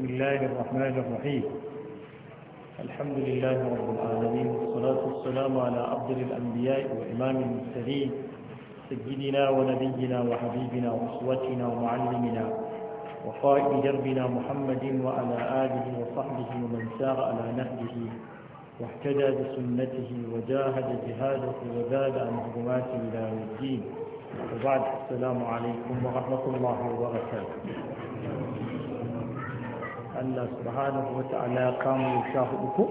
بسم الله الرحمن الرحيم الحمد لله رب العالمين والصلاة والسلام على أفضل الأنبياء وإمام المرسلين سيدنا ونبينا وحبيبنا وأسوتنا ومعلمنا وقائد دربنا محمد وعلى آله وصحبه ومن سار على نهجه واهتدى بسنته وجاهد جهاده وزاد عن هجمات إلى الدين وبعد السلام عليكم ورحمة الله وبركاته Allah subhanahu wa ta'ala kamu sha hudu ko?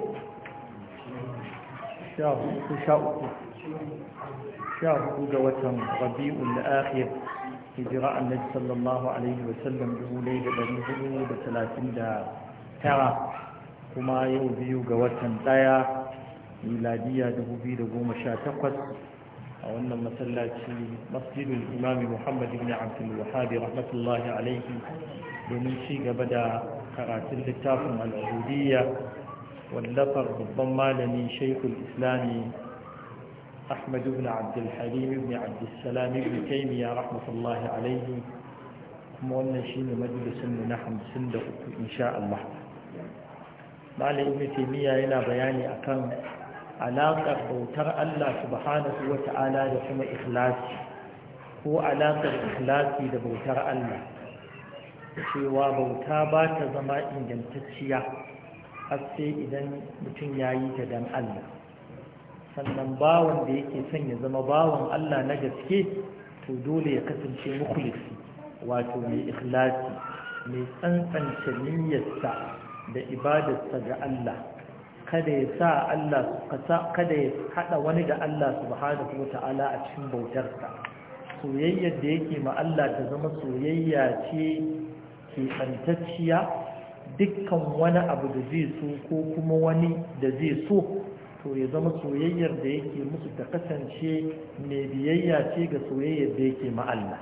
sha hudu sha uku sha hudu ga watan na akhir hijira annabi sallallahu alaihi wa sallam dubu ɗaya da ɗari hudu da talatin da tara kuma yau biyu ga watan ɗaya miladiya dubu biyu da goma sha takwas a wannan masallaci masjidul imami muhammad ibn abdul wahabi rahmatullahi alaihi domin ci gaba da karatun littafin al’adudiyya wallafar babban malami shaikul islami ahmad ibn abdulhalim ibn abdulsalam ibn taimiyya rahmatullahi alaihi kuma wannan shi ne majalisun na hamsin da uku insha Allah malamin taimiyya yana bayani akan alaƙar bautar Allah subhanahu wa ta'ala da kuma ikhlasi ko alaƙar ikhlasi da bautar Allah cewa bauta ba ta zama ingantacciya har sai idan mutum ya yi ta dan Allah sannan bawan da yake son ya zama bawan Allah na gaske to dole ya kasance mukhlisi wato mai ikhlasi mai tsantsance niyyarsa da ibadarsa ga Allah kada ya sa Allah kada ya hada wani da Allah subhanahu wata'ala a cikin bautarsa soyayyar da yake ma Allah ta zama soyayya ce keɓantacciya dukkan wani abu da zai so ko kuma wani da zai so to ya zama soyayyar da yake musu ta kasance mai biyayya ce ga soyayyar da yake ma'alla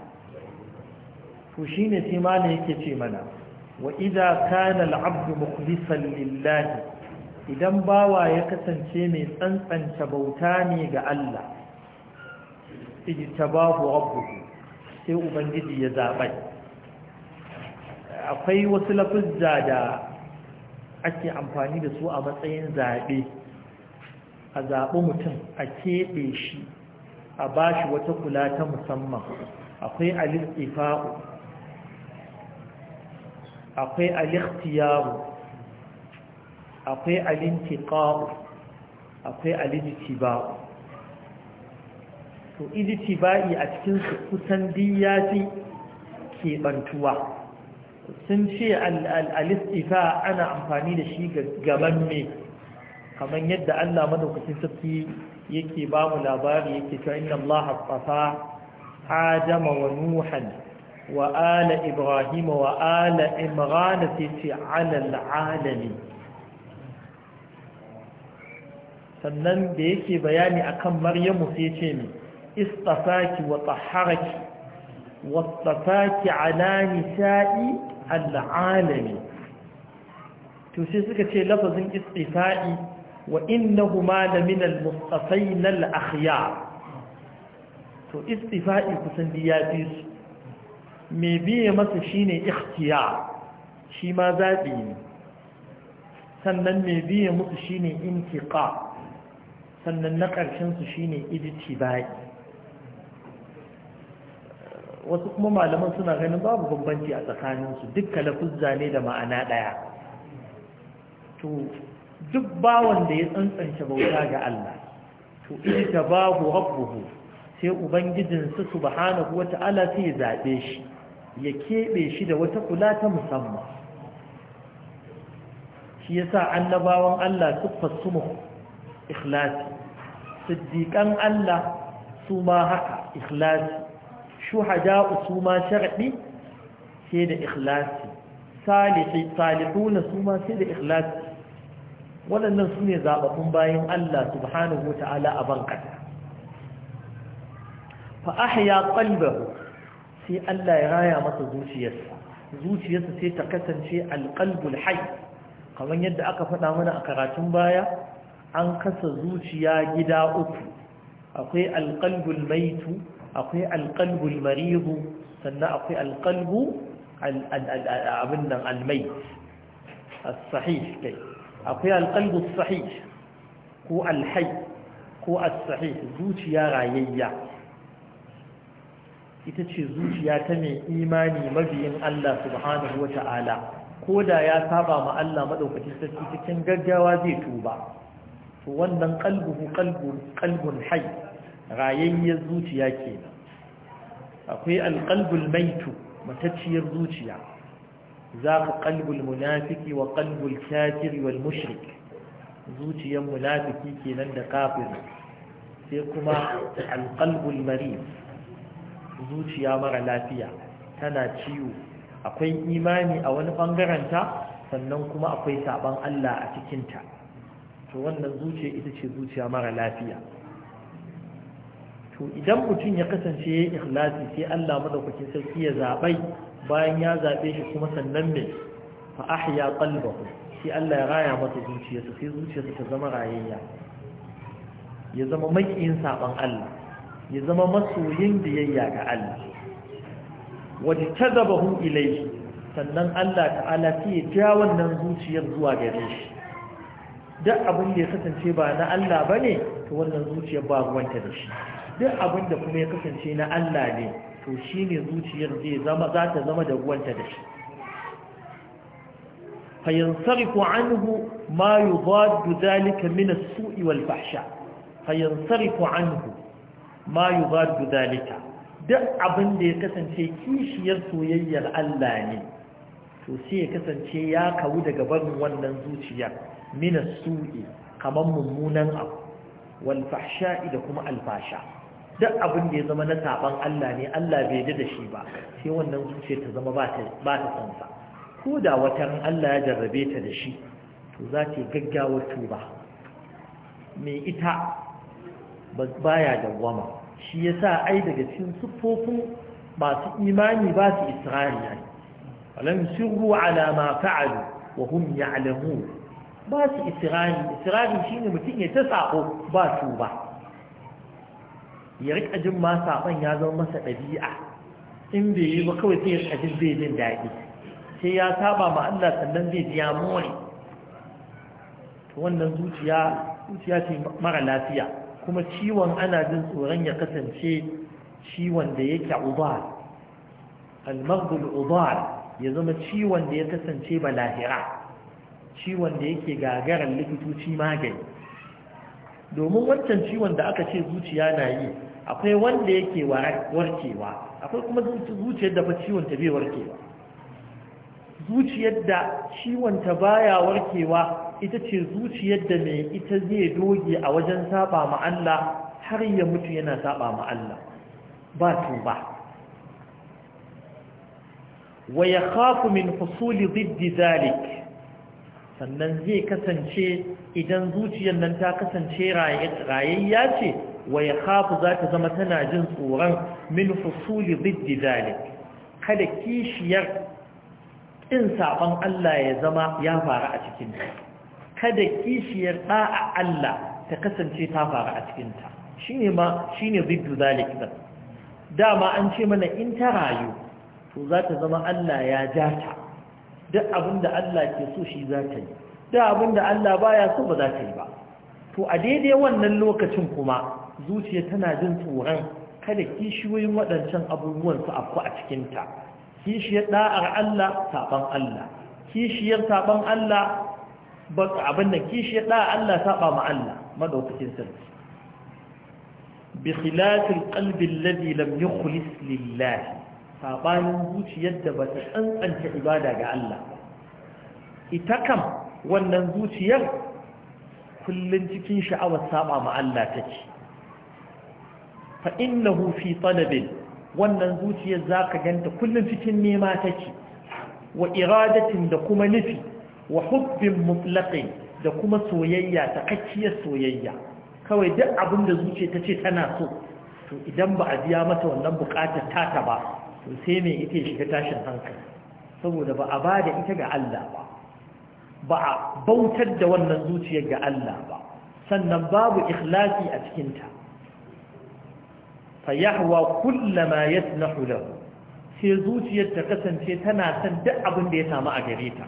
to shi ne sai mana yake ce mana wa idza kana al'abdu mukhlisan lillahi idan bawa ya kasance mai tsantsanta bauta ne ga Allah tabahu rabbuhu sai ubangiji ya zaɓai akwai wasu lafizza da ake amfani da su a matsayin zaɓe a zaɓi mutum a keɓe shi a ba shi wata kula ta musamman akwai alifa'u akwai alikhtiyaru akwai alintiqa'u akwai alijtiba'u to ijtiba'i a cikinsu su kusan diyati ke bantuwa sun ce al ana amfani da shi gaban mai kamar yadda Allah madaukakin sarki yake ba mu labari yake cewa inna Allah astafa Adama wa Nuhan wa ala Ibrahim wa ala Imran fi alal alamin sannan da yake bayani akan Maryamu sai ce ne istafaki wa tahharaki wasafaki ala nisa'i al'alami to sai suka ce lafazin istifa'i wa innahu huma da minal mustafai na al'akhya to istifa'i kusan biya fi su mai biye masa shine ikhtiya shi ma zaɓi ne sannan mai biya musu shine intiƙa sannan na ƙarshensu shine idtibai wasu kuma malaman suna ganin babu bambanci a tsakaninsu dukkan lafuzza ne da ma'ana ɗaya to duk bawanda da ya tsantsance bauta ga Allah to ita babu rabbuhu sai ubangijinsa subhanahu wata'ala sai ya zaɓe shi ya keɓe shi da wata kula ta musamman shi sa annabawan Allah siffar mu ikhlasi siddiqan Allah su ma haka ikhlasi shuhada su ma shar'i sai da ikhlasi salihi salihuna su ma sai da ikhlasi waɗannan su ne zaɓaɓɓun bayan Allah subhanahu wa ta'ala a bankata fa ahya qalbahu sai Allah ya raya masa zuciyarsa zuciyarsa sai ta kasance alqalbul hayy kamar yadda aka faɗa mana a karatun baya an kasa zuciya gida uku akwai alqalbul maitu akwai alƙalbul marihu sannan akwai alƙalbu abin nan almai as-sahih kai akwai alƙalbu sahih ko alhai ko as-sahih zuciya rayayya ita ce zuciya ta mai imani mabiyin Allah subhanahu wa ta'ala ko da ya saba ma Allah maɗaukacin sarki cikin gaggawa zai tuba to wannan qalbuhu qalbun qalbun rayayyar zuciya kenan akwai alqalbul maitu matacciyar zuciya zaka qalbul munafiki wa qalbul kafir wal mushrik zuciyar munafiki kenan da kafir sai kuma alqalbul marid zuciya mara lafiya tana ciwo akwai imani a wani ɓangaranta, sannan kuma akwai saban Allah a cikinta to wannan zuciya ita ce zuciya mara lafiya to idan mutum ya kasance ya ikhlasi sai Allah madaukakin sarki ya zabai bayan ya zabe shi kuma sannan ne fa ahya qalbahu sai Allah ya raya masa zuciyarsa sai zuciyarsa ta zama rayayya ya zama makiyin saban Allah ya zama masoyin biyayya ga Allah wajtadabahu ilayhi sannan Allah ta'ala sai ya wannan zuciyar zuwa gare shi duk abin da ya kasance ba na Allah bane to wannan zuciyar ba ruwanta da shi duk abin da kuma ya kasance na Allah ne to shi ne zuciyar zai zama za ta zama da ruwanta da shi fayansariku anhu ma yudaddu zalika min sui wal fahsha fayansariku anhu ma yudaddu zalika duk abin da ya kasance kishiyar soyayyar Allah ne to sai ya kasance ya kawu daga barin wannan zuciyar, mina sui kamar mummunan abu Walfasha fahsha'i da kuma alfasha duk abin da ya zama na saban Allah ne Allah bai ji da shi ba sai wannan zuciya ta zama ba ta sansa. ko da watan Allah ya jarrabe ta da shi to za ta gaggawar tuba me ita baya dawwama shi yasa ai daga cikin siffofin masu imani ba su isra'ila alam sirru ala ma fa'alu wa ya alamu. ba su isra'ili shi shine mutum ya ta saƙo ba su ba ya riƙa jin ma saƙon ya zama masa ɗabi'a in bai yi ba kawai sai ya riƙa jin bai jin daɗi sai ya saba ma Allah sannan zai ji ya more wannan zuciya ce mara lafiya kuma ciwon ana jin tsoron ya kasance ciwon da yake ubar al-maghdul ya zama ciwon da ya kasance balahira ciwon da yake gagarar likitoci magani domin wancan ciwon da aka ce zuciya na yi akwai wanda yake warkewa akwai kuma zuciyar da fa ciwon ta bai warkewa zuciyar da ciwon ta baya warkewa ita ce zuciyar da mai ita zai doge a wajen saba ma Allah har ya mutu yana saba ma Allah ba wa wa yakhafu min husuli ziddi zalik sannan zai kasance idan zuciyar nan ta kasance rayayya ce wa ya za ta zama tana jin tsoron min fusuli ziddi zalik kada kishiyar ƙin saɓon Allah ya zama ya faru a cikinta kada kishiyar ɗa'a Allah ta kasance ta faru a cikinta shi ne ma shi ne ziddi zalik ɗin dama an ce mana in ta rayu to za ta zama Allah ya ja ta duk abinda Allah ke so shi za ta yi duk abinda Allah baya so ba za ta yi ba to a daidai wannan lokacin kuma zuciya tana jin tsoron kada kishiyoyin waɗancan abubuwan su afku a cikinta kishiyar ɗa'ar Allah saɓan Allah kishiyar saɓan Allah ba abin da kishiyar ɗa'ar Allah saba ma Allah madaukakin sarki bi khilafil qalbi alladhi lam yukhlis lillahi saɓanin zuciyar da ba ta tsantsanta ibada ga Allah ita kam wannan zuciyar kullum cikin sha'awar saɓa ma Allah take fa na hufi tsanabin wannan zuciyar zaka ganta kullum cikin nema take wa iradatin da kuma nufi wa hubbin mutlaqin da kuma soyayya kakkiyar soyayya kawai duk abin da zuciya ta ce tana so to idan ba a biya mata wannan bukatar tata ba to sai mai ita shiga tashin hankali saboda ba a ba da ita ga Allah ba ba a bautar da wannan zuciyar ga Allah ba sannan babu ikhlasi a cikinta fayahwa kullama yasnahu lahu sai zuciyar ta kasance tana son duk abin da ya samu a gare ta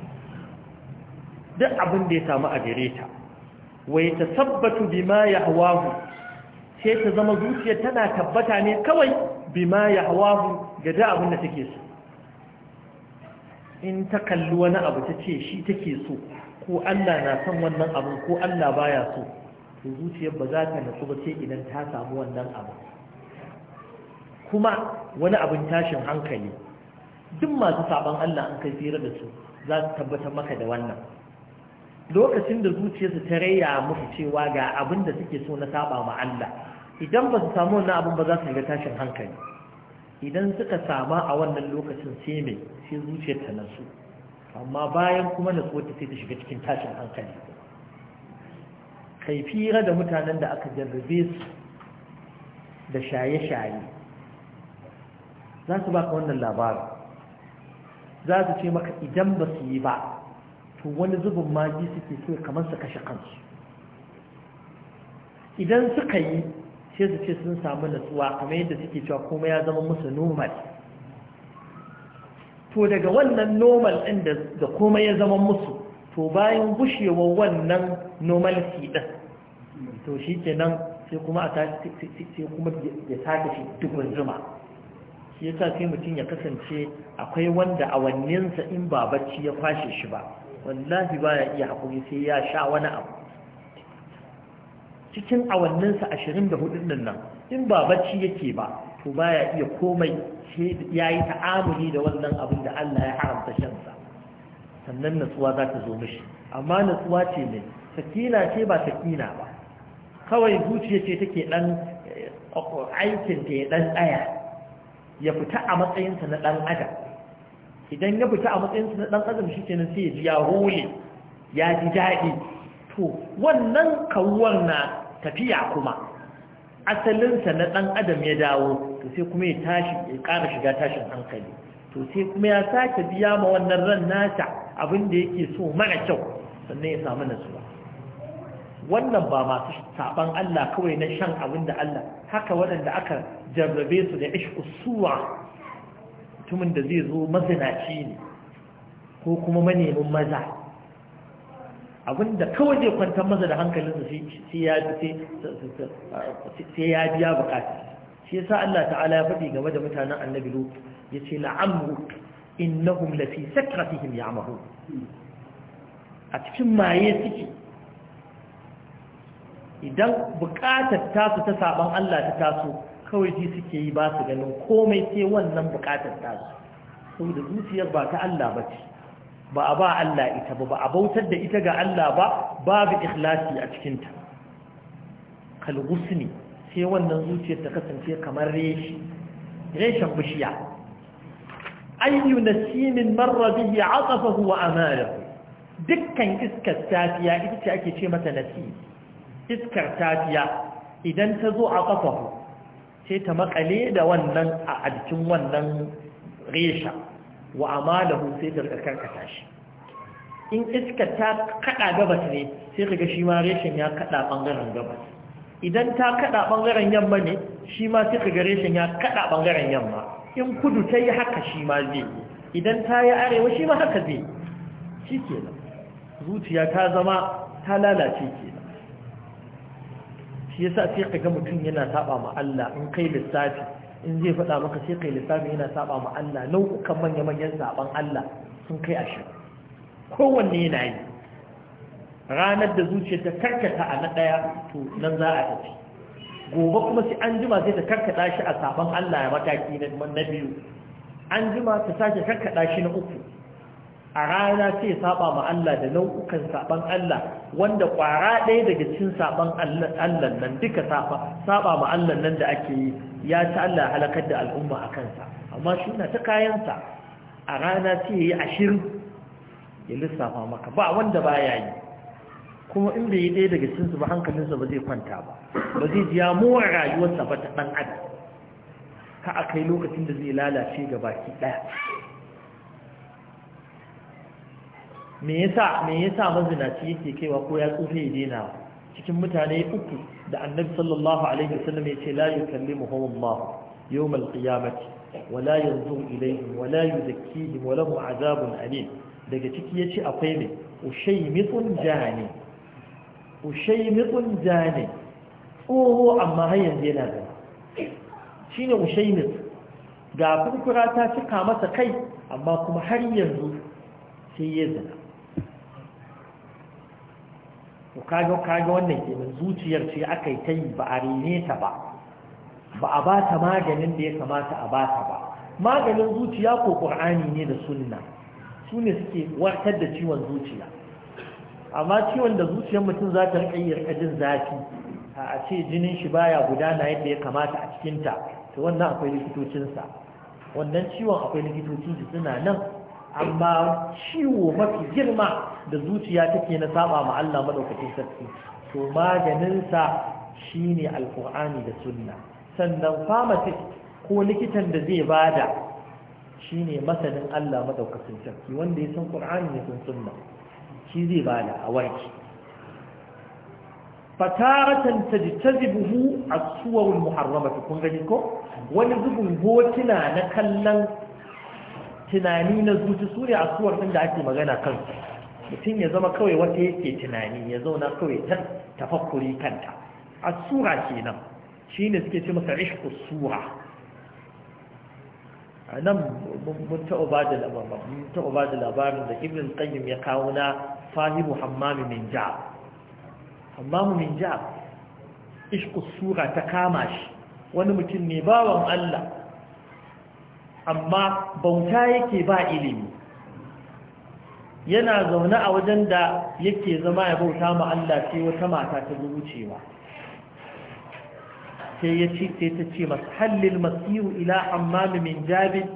duk abin da ya samu a gare ta wai ta sabbatu bima yahwahu sai ta zama zuciyar tana tabbata ne kawai bima yahwahu ga da abin da take so in ta kalli wani abu ta ce shi take so ko Allah na son wannan abu ko Allah baya so to zuciyar ba za ta nasu ba sai idan ta samu wannan abu kuma wani abin tashin hankali duk masu saban Allah an kai fira da su za su tabbatar maka da wannan lokacin da zuciyarsu ta raya musu cewa ga abinda da suke so na saba ma Allah idan ba su samu wannan abin ba za su shiga tashin hankali idan suka sama a wannan lokacin sai mai sai zuciyar ta nasu amma bayan kuma na ta sai ta shiga cikin tashin hankali kai fira da mutanen da aka jarrabe su da shaye-shaye za su baka wannan labarin za su ce maka idan ba su yi ba to wani zubin maji suke so kamar su kashe kansu idan suka yi sai su ce sun samu natsuwa kamar yadda suke cewa kuma ya zama musu normal to daga wannan normal ɗin da kuma ya zama musu to bayan bushewa wannan normal ɗin to shi ke nan sai kuma a tashi sai kuma ya sake shi duk zuma shi yasa sai mutum ya kasance akwai wanda a awanninsa in ba bacci ya kwashe shi ba wallahi baya iya haƙuri sai ya sha wani abu cikin awanninsa ashirin da hudun nan in ba bacci yake ba to baya iya komai ya yi ta'amuli da wannan abin da Allah ya haramta shansa sannan natsuwa za ta zo mishi amma natsuwa ce ne sakina ce ba sakina ba kawai zuciya ce take dan eh, aikin ta ya dan tsaya ya fita a matsayinsa na dan adam idan ya fita a matsayinsa na dan adam shi nan sai ya ji ya hole ya ji daɗi to wannan kawuwar na tafiya kuma asalinsa na ɗan adam ya dawo to sai kuma ya tashi ya ƙara shiga tashin hankali to sai kuma ya sake biya ma wannan ran nasa abin da yake so mara kyau sannan ya samu nasuwa wannan ba masu saban Allah kawai na shan abin da Allah haka waɗanda aka jarrabe su da ishku suwa mutumin da zai zo mazinaci ne ko kuma manemin maza da kawai zai kwantar masa da hankalinsa sai ya biya bukata shi yasa Allah ta'ala ya faɗi game da mutanen annabi lut ya ce la'amruk innahum lafi sakratihim ya'mahu a cikin maye suke idan bukatar tasu ta saban Allah ta taso kawai ji suke yi ba su ganin komai sai wannan bukatar tasu saboda zuciyar ba ta Allah ba ce ba a ba Allah ita ba ba a bautar da ita ga Allah ba babu ikhlasi a cikinta kalgusni sai wannan zuciyar ta kasance kamar reshi reshen bishiya ayyu nasimin marra bihi atafahu wa amalahu dukkan iskar tafiya ita ce ake ce mata nasi iskar tafiya idan ta zo a kafahu sai ta makale da wannan a jikin wannan resha wa amalahu sai ta karkata shi in iska ta kada gabas ne sai kaga shi ma reshen ya kada bangaren gabas idan ta kada bangaren yamma ne shi ma sai kaga reshen ya kada bangaren yamma in kudu ta yi haka shi ma zai idan ta yi arewa shi ma haka zai shi kenan zuciya ta zama ta lalace kenan shi yasa sai kaga mutum yana saba ma Allah in kai lissafi in zai faɗa maka sai kai lissafi yana saba ma Allah nau'ukan manya-manyan zaben Allah sun kai ashirin kowanne yana yi ranar da zuciya ta karkata a na ɗaya to nan za a tafi gobe kuma sai an jima sai ta karkata shi a saban Allah ya mataki na biyu an jima ta sake karkata shi na uku a rana sai saba ma Allah da nau'ukan saban Allah wanda kwara ɗaya daga cikin saban Allah nan duka saba saba ma Allah nan da ake yi ya ci Allah halakar da al'umma a kansa amma shi na ta kayansa a rana sai yi ashirin ya lissafa maka ba wanda baya yi kuma in bai yi ɗaya daga cikinsu su ba hankalinsa ba zai kwanta ba ba zai ji yamuwar rayuwarsa ba ta ɗan adam ka a kai lokacin da zai lalace ga baki ɗaya me yasa me yasa mazinaci yake kaiwa ko ya tsufe ya daina cikin mutane uku da annabi sallallahu alaihi wasallam ya ce la yukallimuhum Allah yawm al-qiyamati wala yanzuru ilayhim wala yuzakkihim wa lahum azabun alim daga ciki yace akwai ne ushaymitun jani ushaymitun jani oho amma har yanzu yana da shine ushaymit ga kurkura ta cika masa kai amma kuma har yanzu sai ya zina ko kaga kaga wannan kenan zuciyar ce akai tai ta yi ba a rene ta ba ba a ba ta maganin da ya kamata a ba ta ba maganin zuciya ko ƙur'ani ne da sunna su ne suke wartar da ciwon zuciya amma ciwon da zuciyar mutum za ta riƙa jin zafi a ce jinin shi baya gudana yadda ya kamata a cikinta to wannan akwai likitocinsa wannan ciwon akwai likitoci suna nan amma ciwo mafi girma da zuciya take na saba ma Allah madaukakin sarki to maganinsa shine alkur'ani da sunna sannan pharmacist ko likitan da zai bada shine masanin Allah madaukakin sarki wanda ya san qur'ani ya sunna shi zai bada a warki fataratan tajtazibuhu as-suwar al-muharramah kun gani ko wani zubin hotuna na kallon tunani na zuci sune as-suwar din da ake magana kansa mutum ya zama kawai wata yake tunani ya zauna kawai ta tafakuri kanta a sura kenan shi ne suke ce masa ishku sura a nan mun taɓa ba da labarin da ibn tsayin ya kawo na fahimu hammamu min ja'ab hammamu min ja'ab ishku sura ta kama shi wani mutum ne bawan Allah amma bauta yake ba ilimi yana zaune a wajen da yake zama ya bauta ma Allah sai wata mata ta zuwucewa sai ya ce sai ta ce masu hallil masiru ila hammami min jabin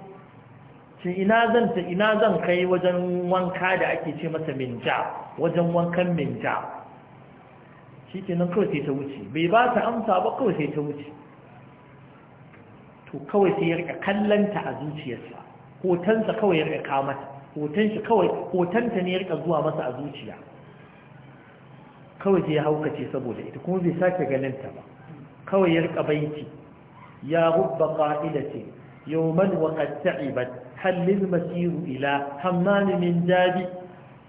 ce ina zan ta ina zan kai wajen wanka da ake ce masa min ja wajen wankan min ja shi ke nan kawai sai ta wuce bai ba ta amsa ba kawai sai ta wuce to kawai sai ya rika kallanta a zuciyarsa hotonsa kawai ya rika kamata hoton shi kawai hotonta ne rika zuwa masa a zuciya kawai je ya haukace saboda ita kuma bai sake ganin ta ba kawai ya rika baiti ya rubba qa'ilati yawman wa qad ta'ibat hal lil masiru ila hamman min jadi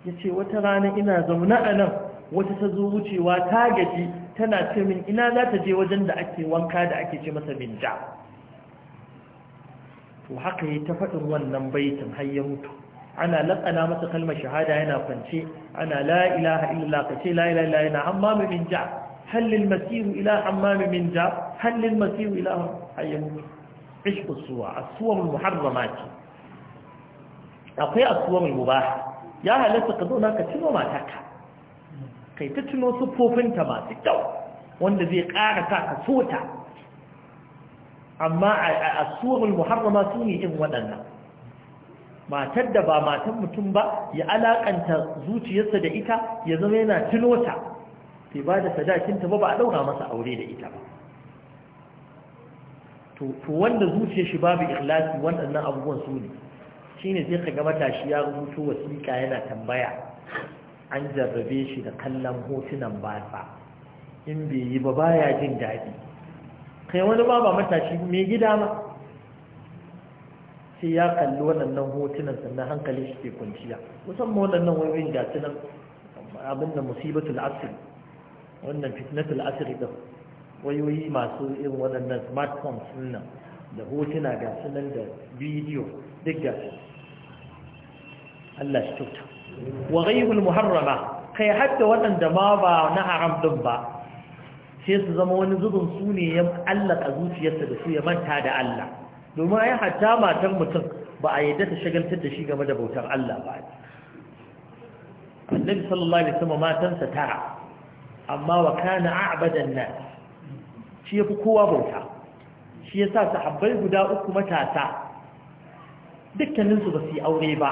yace wata rana ina zauna a nan wata ta zo wucewa ta gaji tana ce min ina za ta je wajen da ake wanka da ake ce masa binja to haka yi ta faɗin wannan baitin har ya mutu ana latsana masa kalmar shahada yana kwance ana la ilaha illallah kace la ilaha illallah yana hammam min ja hal lil ila hammam min ja hal lil ila hayyamu Ishku suwa as-suwar al-muharramat akwai as-suwar al ya halatta ka zo ka tuno matarka kai ta tuno sufofinta masu kyau wanda zai ƙara ta ka so ta amma a as-suwar al-muharrama su ne irin waɗannan matar da ba matan mutum ba ya alakanta zuciyarsa da ita ya zama yana tunota sai ba da sadakinta ba ba a daura masa aure da ita ba to wanda zuciyar shi babu ikhlasi waɗannan abubuwan su ne shine sai kaga matashi ya rubuto wasiƙa yana tambaya an jarrabe shi da kallon hotunan ba in bai yi ba baya jin daɗi kai wani ba ba matashi mai gida ma sai ya kalli waɗannan hotunan sannan hankali shi ke kwanciya musamman waɗannan wayoyin ga su nan abin da musibatul asir wannan fitnatul asir ɗin wayoyi masu irin waɗannan smartphones nan da hotuna ga da bidiyo duk ga su Allah shi kyauta wa ghayrul muharrama kai hatta waɗanda ma ba na haram din ba sai su zama wani zubin su ne ya allaka zuciyarsa da su ya manta da Allah domin ai hatta matar mutum ba a yadda ta shagaltar da shi game da bautar Allah ba annabi sallallahu alaihi wasallam matansa tara amma wa kana a'badan nas shi yafi kowa bauta shi yasa sahabbai guda uku matasa dukkaninsu ba su yi aure ba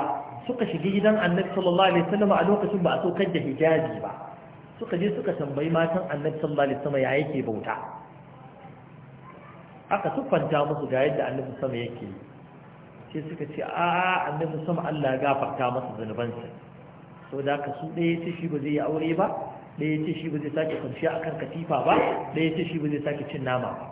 suka shiga gidan annabi sallallahu alaihi wasallam a lokacin ba a saukar da hijabi ba suka je suka tambayi matan annabi sallallahu alaihi wasallam ya yake bauta aka tuffanta musu ga yadda annabi sama yake sai suka ce a annabi sama Allah ya gafarta masa zunubansa da haka su ɗaya ce shi ba zai yi aure ba ɗaya ce shi ba zai sake kwanciya akan katifa ba ɗaya ce shi ba zai sake cin nama ba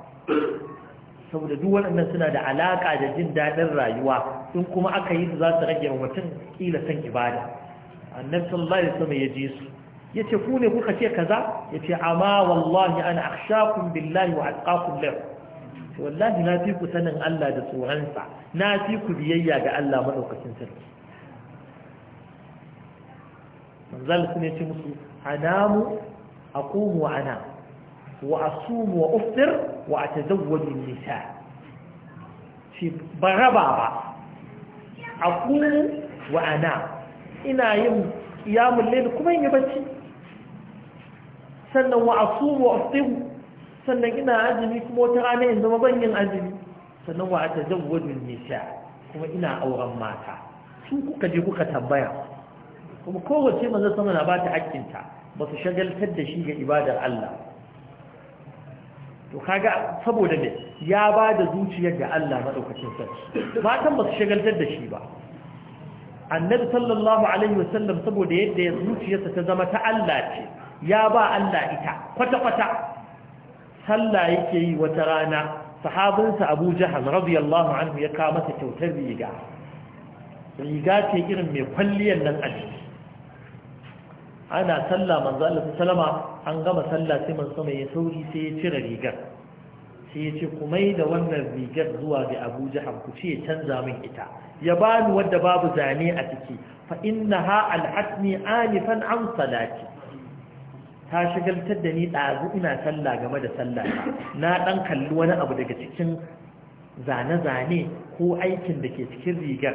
saboda duk waɗannan suna da alaƙa da jin daɗin rayuwa in kuma aka yi za su rage mutum ƙila san ibada annabi sallallahu alaihi wasallam ya ji su yace ku ne kuka ce kaza yace amma wallahi ana akhshakum billahi wa atqakum lahu wallahi na fi ku sanin Allah da tsoronsa na fi ku biyayya ga Allah maɗaukacin sarki manzal su ne musu anamu aqumu ana wa asumu wa uftir wa atazawwaju nisa shi baraba ba aqumu wa ana ina yin qiyamul layl kuma yin bacci sannan wa asumu wa uftir. sannan ina azumi kuma wata rana in zama ban yin azumi sannan wa ta zawwajin nisa kuma ina auren mata su kuka je kuka tambaya kuma kowace manzo sama na bata hakkinta ba su shagaltar da shi ga ibadar Allah to kaga saboda me ya ba da zuciyar ga Allah madaukakin sarki matan ba su shagaltar da shi ba annabi sallallahu alaihi wasallam saboda yadda zuciyarsa ta zama ta Allah ce ya ba Allah ita kwata-kwata sallah yake yi wata rana sahabinsa abu jahal radiyallahu anhu ya kawo masa kyautar riga riga ce irin mai kwalliyar nan aji ana sallah manzo Allah sallama an gama sallah sai manzo mai sauri sai ya cire rigar sai ya ce kumai da wannan rigar zuwa ga Abu Jahal ku ce canza min ita ya bani wadda babu zane a ciki fa innaha alhatni anifan an salati ta shagaltar da ni ɗazu ina sallah game da sallah na ɗan kalli wani abu daga cikin zane-zane ko aikin da ke cikin rigar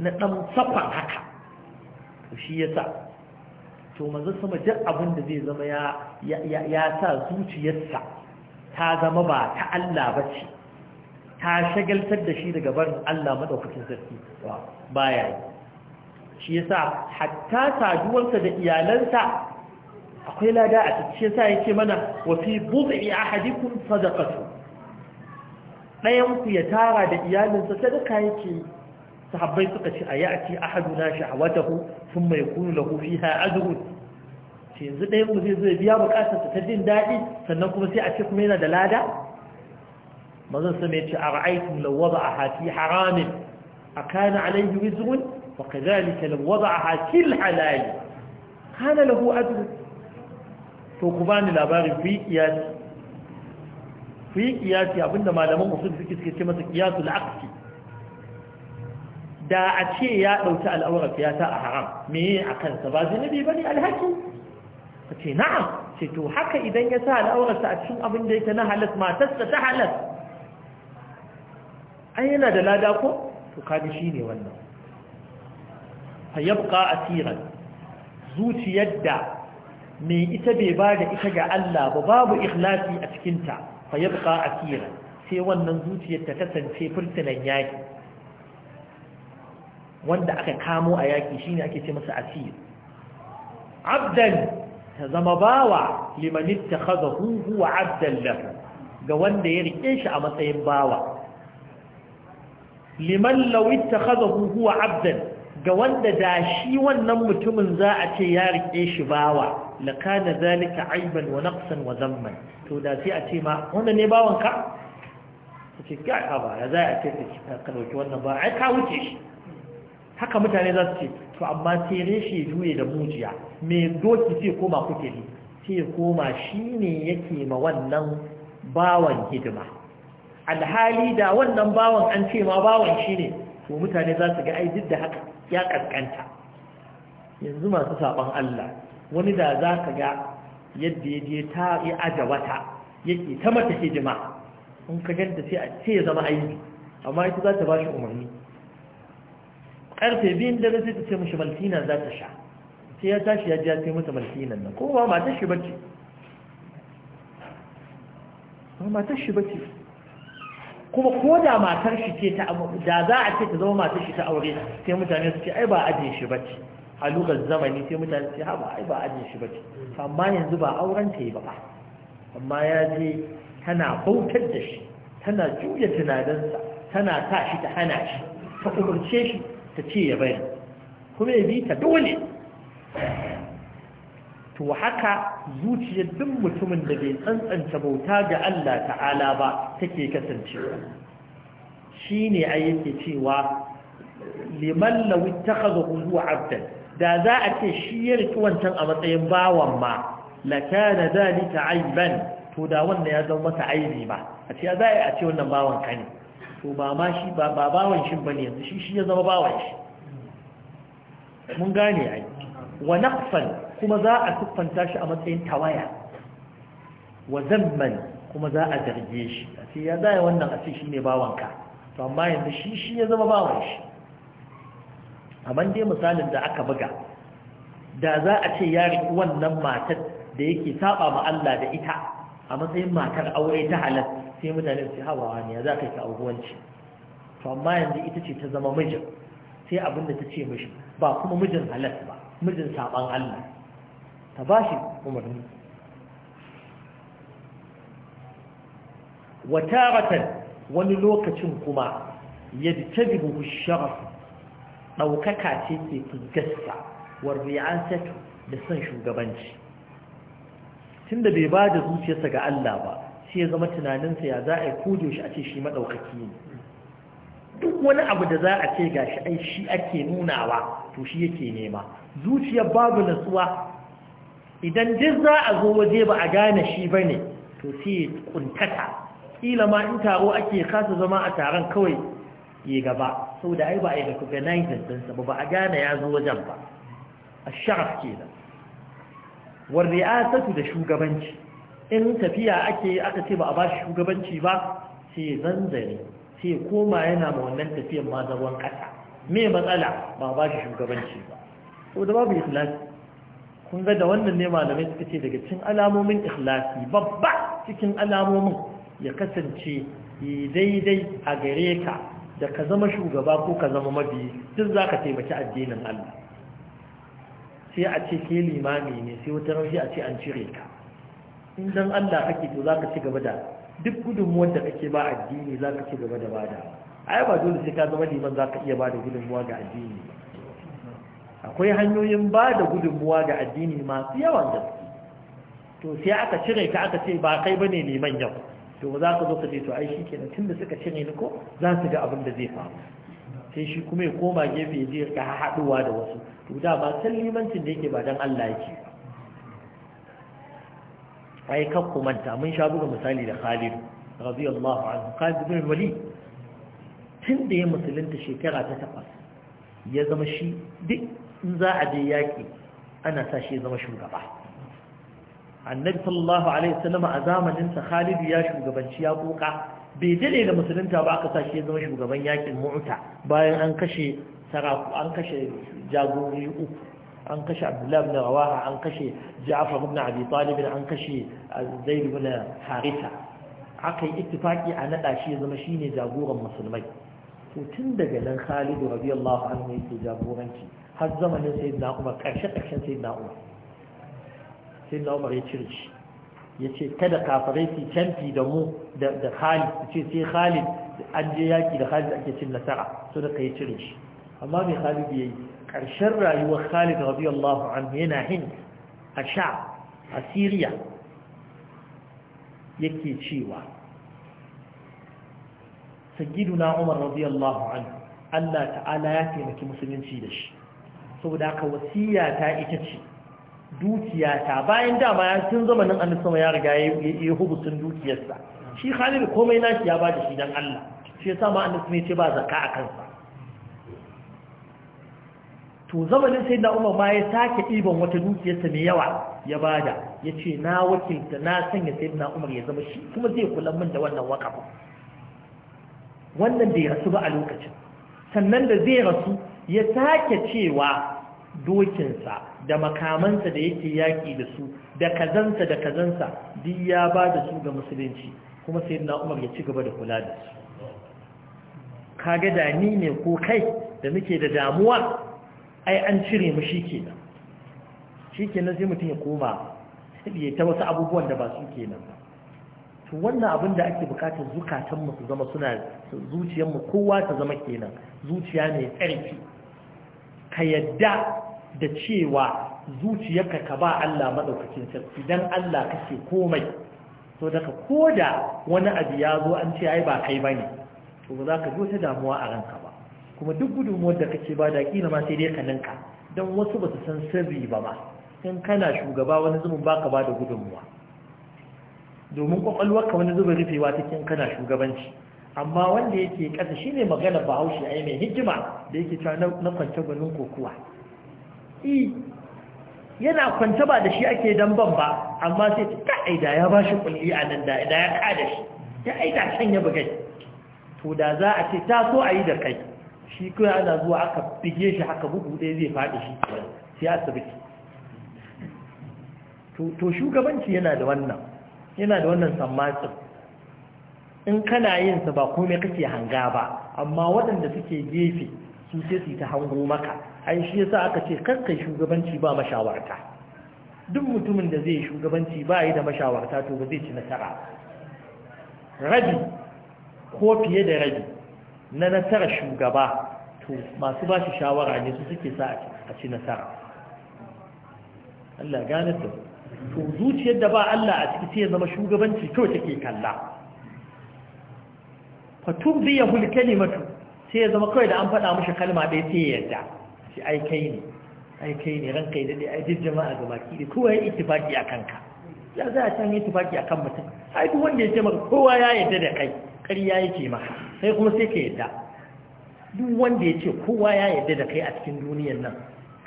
na ɗan safan haka shi ya sa to manzo sama duk abin da zai zama ya sa zuciyarsa ta zama ba ta Allah ba ce ta shagaltar da shi daga barin Allah maɗaukacin sarki ba ya yi shi ya sa hatta saduwarsa da iyalansa akwai lada a cikin sa yake mana wa fi bud'i ahadikum sadaqatu Ɗayan ku ya tara da iyalinsa sadaka yake sahabbai suka ce ayati ahaduna shahwatahu thumma yakunu lahu fiha ajrun ce yanzu ɗayan mu zai zai biya bukatar ta jin daɗi, sannan kuma sai a ce kuma yana da lada mazan sa mai ce ara'aytum law a fi haramin A akana alayhi wizrun وكذلك لو وضعها في Kana كان a أجر to ku bani labarin ku yi kiyasi ku abinda malaman usul suke suke ce masa kiyasu la'akci da a ce ya ɗauki al'aura fiyata a haram me a kansa ba zunubi ba ne alhaki A ce na'am ce to haka idan ya sa al'aurarsa a cikin abin da yake na halas matarsa ta halas an yana da lada ko to kaji shi ne wannan fa yabqa asiran zuciyar da me ita bai ba da ita ga Allah ba babu ikhlasi a cikinta fa yabqa asira sai wannan zuciyarta ta kasance fursunan yaki wanda aka kamo a yaki shine ake ce masa asir abdan ta zama bawa ta ittakhadahu huhuwa abdan lahu ga wanda ya rike shi a matsayin bawa liman ta ittakhadahu huhuwa abdan ga wanda da shi wannan mutumin za a ce ya rike shi bawa kana zalika aiban wa naqsan wa zamman to da sai a ce ma wannan ne bawon ka ce ga haba ya za a ce ka dauki wannan ba ai ka wuce shi haka mutane za su ce to amma sai reshe duye da mujiya me doki sai koma kuke ni sai koma shine yake ma wannan bawan hidima alhali da wannan bawan an ce ma bawan shine to mutane za su ga ai duk da haka ya kaskanta yanzu masu saban Allah wani da za ka ga yadda ya je ta yi aja wata yake ta mata hidima in ka ganta sai a ce ya zama aiki amma ita za ta ba shi umarni karfe biyun dare sai ta ce mashi malfina za ta sha sai ya tashi ya ji ya ce mata malfinan nan Kuma ba matar shi bacci ba shi bace kuma ko da matar shi ce ta da za a ce ta zama matar shi ta aure sai mutane su ce ai ba ajiye shi bacci a zamani sai mutane sai haba ai ba ajin shi bace amma yanzu ba auren ta yi ba amma ya je tana bautar da shi tana juya tunaninsa tana sa shi ta hana shi ta umarce shi ta ce ya bari kuma ya bi ta dole to haka zuciyar duk mutumin da bai tsantsanta bauta ga Allah ta'ala ba take kasancewa shine ai yake cewa liman law ittakhadha huwa abdan da za a ce shi ya riki wancan a matsayin bawan ma la kana zalika aiban to da wannan ya zama ta aibi ba a ce za a ce wannan bawan ka ne to ba ma shi ba bawan shi bane yanzu shi shi ya zama bawan shi mun gane ai wa naqfan kuma za a tuffanta shi a matsayin tawaya wa zamman kuma za a zarge shi a ce ya zaya wannan a ce shi ne bawanka to amma yanzu shi shi ya zama bawan shi amma dai misalin da aka buga da za a ce ya riƙi wannan matar da yake saba ma Allah da ita a matsayin matar aure ta halal sai mutane su hawa ne za ka yi auguwanci to amma yanzu ita ce ta zama mijin sai abin da ta ce mishi ba kuma mijin halal ba mijin saban Allah ta ba shi umarni wataratan wani lokacin kuma ta yadtabihu sharaf ɗaukaka ce ke fugasta warri an sato da son shugabanci tun da bai ba da zuciyarsa ga Allah ba sai ya zama tunaninsa ya za a yi kudu shi a ce shi maɗaukaki ne duk wani abu da za a ce ga shi ai shi ake nunawa to shi yake nema zuciyar babu natsuwa idan duk za a zo waje ba a gane shi ba ne to sai kuntata ƙila ma in taro ake kasa zama a taron kawai ya gaba saboda ai ba a yi recognizing ɗinsa ba ba a gane ya zo wajen ba a sharaf ke nan warri a da shugabanci in tafiya ake aka ce ba a ba shi shugabanci ba sai zanzare sai koma yana ma wannan tafiyan ma zagon ƙasa me matsala ba ba shi shugabanci ba saboda babu ikhlasi kun ga da wannan ne malamai suka ce daga cikin alamomin ikhlasi babba cikin alamomin ya kasance eh, daidai a gare ka da ka zama shugaba ko ka zama mabi duk za ka taimaki addinin Allah sai a ce ke limami ne sai wata rauji a ce an cire ka in dan Allah kake to za ka ci gaba da duk gudunmuwar da kake ba addini za ka ci gaba da bada ai ba dole sai ka zama liman za ka iya bada gudunmuwa ga addini akwai hanyoyin ba da gudunmuwa ga addini masu yawan gaske to sai aka cire ka aka ce ba kai bane liman yau to za ka zo ka ce to ai shi kenan tun da suka cire ni ko za su ga abin da zai faru sai shi kuma ya koma gefe ya je ya haɗuwa da wasu to da ba san limancin da yake ba dan Allah yake ba ai ka ku manta mun sha buga misali da Khalid radiyallahu anhu Khalid bin Walid tun da ya musulunta shekara ta takwas ya zama shi duk in za a je yaƙi ana sa shi ya zama shugaba annabi sallallahu alaihi wasallam a zamanin sa Khalid ya shugabanci ya koka bai dade da musulunta ba aka sashi ya zama shugaban yakin Mu'ta bayan an kashe saraku an kashe jagorori uku an kashe Abdullah ibn Rawaha an kashe Ja'far ibn Abi Talib an kashe uh, Zaid ibn Haritha aka yi ittifaki a nada shi ya zama shine jagoran musulmai to tun daga nan Khalid radiyallahu anhu yake jagoranci har zamanin sayyidina Umar karshe karshen sayyidina Umar sai na umar ya cire shi ya ce kada kafirai su canfi da mu da khalid su ce sai khalid an je yaki da khalid ake cin nasara so da ka yi cire shi amma mai khalid ya yi ƙarshen rayuwar khalid radiyallahu anhu yana hind a sha a siriya yake cewa sagiduna umar radiyallahu anhu Allah ta'ala ya taimaki musulunci da shi saboda haka wasiya ta ita ce dukiyata bayan dama ya tun zamanin annabi sama ya riga ya yi hubutun dukiyarsa shi Khalid komai nashi ya bada shi dan Allah shi yasa ma annabi ne ce ba zakka a kansa to zamanin na Umar ma ya sake ɗiban wata dukiyarsa mai yawa ya bada yace na wakilta na sanya na Umar ya zama shi kuma zai kula min da wannan wakafa wannan da ya rasu ba a lokacin sannan da zai rasu ya sake cewa dokinsa da makamansa da yake yaƙi da su da kazansa da kazansa duk ya ba da su ga musulunci kuma sai na umar ya ci gaba da kula da su ga da ni ne ko kai da muke da damuwa ai an cire mu shi kenan shi kenan sai mutum ya koma ya ta wasu abubuwan da ba su kenan ba to wannan abin da ake bukatar zukatanmu su zama suna zuciyarmu kowa ta zama kenan zuciya ne tsarki ka yadda da cewa zuciyarka ka ba Allah maɗaukacin sarki idan Allah kake komai to daga ko da wani abu ya zo an ce ai ba kai ba ne to ba za ka zo ta damuwa a ranka ba kuma duk gudunmuwar da kake ba da kila ma sai dai ka ninka don wasu ba su san sirri ba ma in kana shugaba wani zubin ba ka ba da gudunmuwa domin ka wani zubin rufewa kin kana shugabanci amma wanda yake ƙasa shine magana bahaushe ai mai hikima da yake cewa na kwance gwanin kokuwa E, yana kwanta ba da shi ake damban ba amma sai ta aida ya ba shi kulli a nan da ya kada shi ta aida can ya bugai to da za a ce ta so a yi da kai shi kai ana zuwa aka bige shi haka bugu ɗaya zai faɗi shi sai asibiti to shugabanci yana da wannan yana da wannan sammatsin in kana yin sa ba komai kake hanga ba amma waɗanda suke gefe su sai su ta hango maka ai shi yasa aka ce karkai shugabanci ba mashawarta duk mutumin da zai shugabanci ba yi da mashawarta to ba zai ci nasara rabi ko fiye da rabi na nasarar shugaba to masu ba shi shawara ne su suke sa a ci nasara Allah gane su to zuciyar da ba Allah a ciki sai ya zama shugabanci kawai take kalla fatur biya hulkalimatu sai ya zama kawai da an faɗa mashi kalma ɗaya sai ya yarda shi ai kai ne ai kai ne ranka yi daɗe ai duk jama'a ga baki ne kowa ya yi tufaki a kanka ya za a can yi tufaki a kan mutum ai duk wanda ya ce maka kowa ya yadda da kai ƙarya yake maka sai kuma sai ka yadda. duk wanda ya ce kowa ya yadda da kai a cikin duniyar nan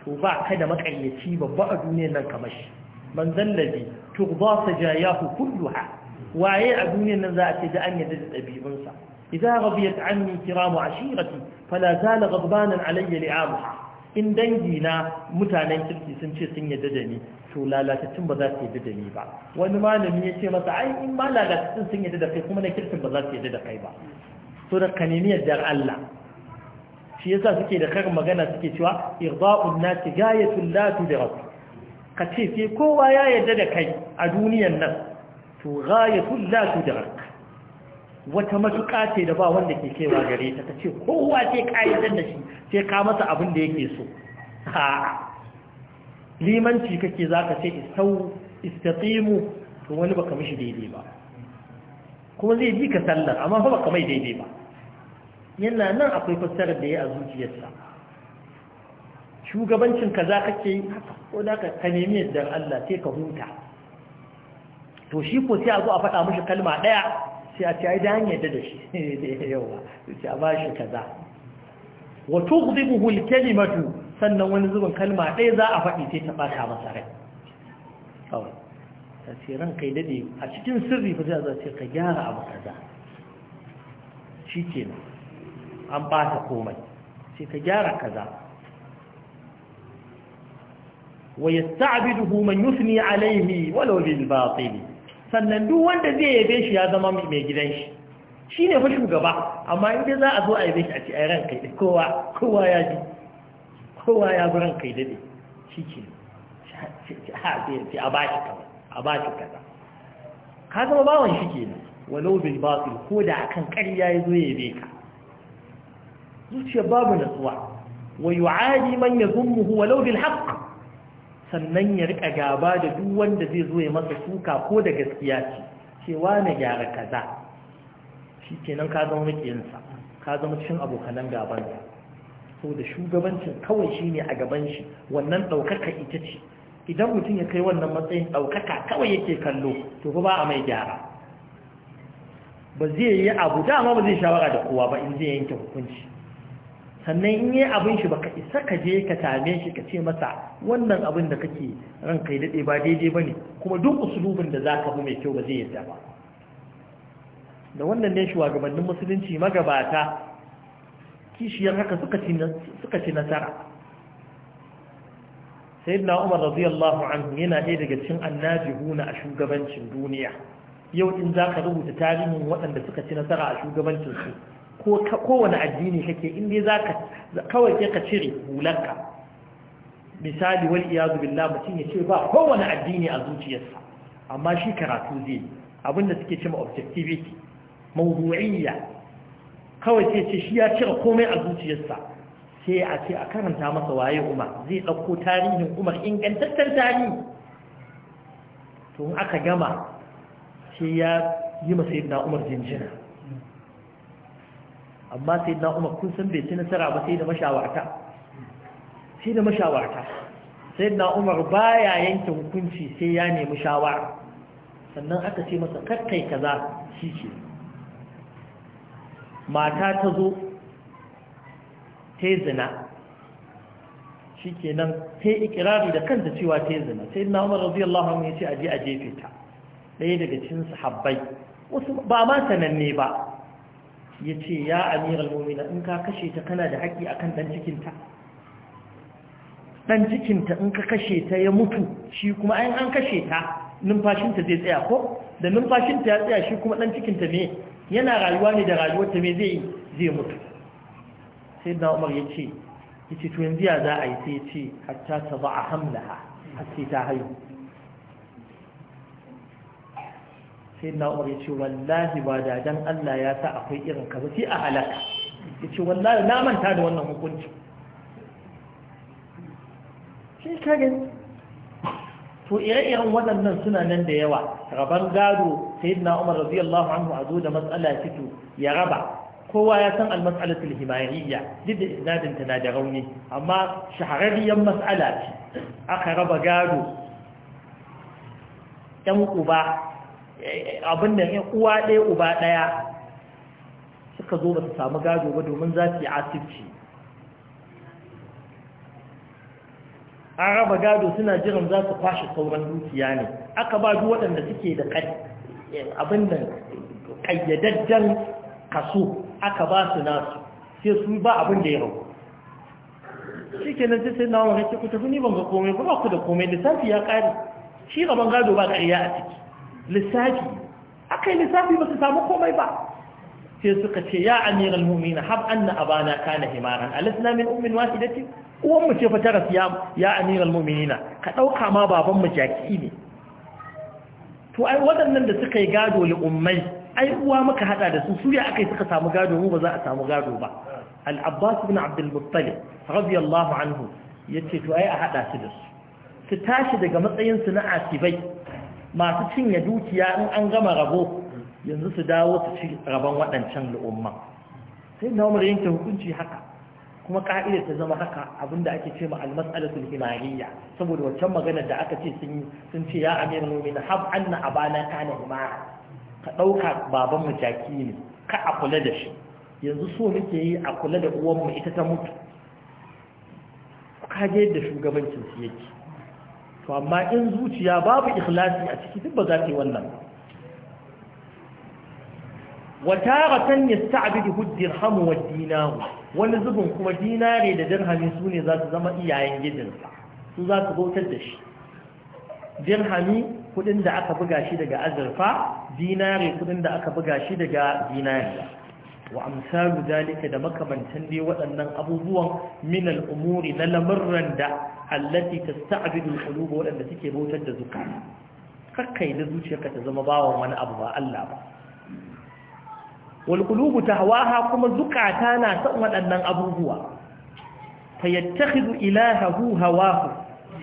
to ba ka da makayyaci babba a duniyar nan kamar shi man zallabi tuqda sajayahu ha, waye a duniyar nan za a ce da an yadda da ɗabi'unsa idan rabiyat anni kiramu ashirati fala zala ghadbanan alayya li'amuha in dangi na mutanen kirki sun ce sun yadda da ni to lalatattun ba za su yadda da ni ba wani malami ya ce masa ai in ma lalatattun sun yadda da kai kuma na kirkin ba za su yadda da kai ba so da ka nemi Allah shi yasa suke da karin magana suke cewa irda'un nasi gayatul la tudrak ka ce sai kowa ya yadda da kai a duniyar nan to gayatul la tudrak wata matuƙa ce da ba wanda ke kewa gare ta ta ce kowa ce ƙayyadar da shi sai ka masa abin da yake so ha limanci kake za ka ce isau istatimu to wani baka mishi daidai ba kuma zai ji ka sallar amma ba baka mai daidai ba yana nan akwai fassara da ya a zuciyarsa shugabancin ka za kake yi ko da ka nemi yadda Allah sai ka huta to shi ko sai a zo a faɗa mishi kalma ɗaya سياتي ايدان يددش يوه سياباش كذا وتغضبه الكلمة سنة ونزو الكلمة ايزا افاكيتي تقاشا بصاري اوه تسيران قيددي اشتن سري فزيادة تقيارة ابو كذا شيتين عم باسا قومي تقيارة كذا ويستعبده من يثني عليه ولو للباطل sannan duk wanda zai yabe shi ya zama mai gidan shi shi ne fa shugaba amma inda za a zo a yabe shi a ce a ran kai da kowa kowa ya ji kowa ya bi ran kai da ne shi ke a ba shi kawai a ba kaza ka zama bawan shi ke nan walau bil batil ko da akan karya ya zo ya yabe ka zuciyar babu natsuwa wa wa'adi man yazummuhu walau laubin haka sannan ya rika gaba da duk wanda zai zo ya masa suka ko da gaskiya ce cewa na gyara kaza shi kenan ka zama makiyinsa ka zama cikin abokanan gabansa so da shugabancin kawai shi ne a gaban shi wannan ɗaukaka ita ce idan mutum ya kai wannan matsayin ɗaukaka kawai yake kallo to ba a mai gyara ba zai yi abu dama ba zai shawara da kowa ba in zai yanke hukunci sannan in yi abin shi baka isa ka je ka same shi ka ce masa wannan abin da kake ran kai daɗe ba daidai ba ne kuma duk usulubin da za ka bi mai kyau ba zai yadda ba da wannan ne shugabannin musulunci magabata kishiyar haka suka ci nasara sai na umar radiyallahu anhu yana ɗaya daga cin annabi huna a shugabancin duniya yau in za ka rubuta tarihin waɗanda suka ci nasara a shugabancin su ko kowane addini kake inda zaka kawai ke ka cire hularka. misali wal iyazu billah mutum ya ce ba kowane addini a zuciyarsa amma shi karatu zai abinda suke ma objectivity mawdu'iyya kawai sai ce shi ya cire komai a zuciyarsa sai a ce a karanta masa waye umar zai ɗauko tarihin umar ingantaccen tarihi to aka gama sai ya yi masa yadda umar jinjina amma sai na umar kun san bai ci nasara ba sai da mashawarta sai da mashawarta sai na umar baya yanke hukunci sai ya nemi shawara sannan aka ce masa kakkai kaza shi ce. mata ta zo ta zina shi ke nan ta ikirari da kanta cewa ta zina sai na umar radiyallahu anhu ya ce aje a jefe ta ɗaya daga cin sahabbai wasu ba ma sananne ba ya ce ya al mumina in ka kashe ta kana da haƙi akan ɗan cikinta ɗan cikinta in ka kashe ta ya mutu shi kuma ayin an kashe ta numfashinta zai tsaya ko da numfashinta ya tsaya shi kuma ɗan cikinta me yana rayuwa ne da rayuwarta me zai zai mutu sai da umar ya ce ya ce to yanzu ya za a yi sai ya ce hatta ta ba a hamla, har sai ta haihu sai na umar ya ce wallahi ba da Allah ya sa akwai irin ka a halaka ya ce wallahi na manta da wannan hukunci kagin to ire-iren waɗannan suna nan da yawa rabar gado sai na umar radiyallahu anhu a zo da matsala fito ya raba kowa ya san almas'alatul himayiyya duk da isnadin ta na da rauni amma shahararriyar matsala ce aka raba gado ƴan uba abin da ya uwa ɗaya uba ɗaya suka zo ba su samu gado ba domin za su yi asirci an raba gado suna jiran za su kwashe sauran dukiya ne aka ba duk waɗanda suke da abin da ƙayyadajjen kaso aka ba su nasu sai su ba abin da ya rau shi ke nan sai na wani ce ku tafi ni ban ga komai ba ku da komai lissafi ya ƙari shi raban gado ba ƙariya a ciki lissafi aka yi lissafi ba su samu komai ba sai suka ce ya amiral mumina hab anna abana kana himaran alasna min ummin wahidati uwan mu ce fa taras ya ya amiral muminina ka dauka ma baban mu jaki ne to ai wadannan da suka yi gado li ummai ai uwa muka hada da su su ya akai suka samu gado mu ba za a samu gado ba al abbas ibn abd al muttalib radiyallahu anhu yace to ai a hada su da su su tashi daga matsayin su na asibai masu cinye dukiya in an gama rabo yanzu su dawo su ci rabon waɗancan al'umma sai na umar yanke hukunci haka kuma ka'idar ta zama haka abinda ake ce ma almas'alatul himariya saboda waccan maganar da aka ce sun ce ya amir na hab anna abana na himara ka ɗauka baban mu jaki ne ka a kula da shi yanzu so muke yi a kula da uwanmu ita ta mutu ka je da shugabancin su yake to amma in zuciya babu ikhlasi a ciki duk ba za ta yi wannan wa taratan yasta'bidu dirhamu wad dinaru wani zubin kuma dinare da dirhami su ne za su zama iyayen gidansa su za su bautar da shi dirhami kudin da aka buga shi daga azurfa dinare kudin da aka buga shi daga dinariya wa amsalu dalika da makamantan dai waɗannan abubuwan min al'umuri na lamurran da allati ta al qulub waɗanda suke bautar da zukata kakkai da zuciyarka ta zama bawan wani abu ba Allah ba wal ta tahwaha kuma zukata na son waɗannan abubuwa fayattakhidu ilahahu hawahu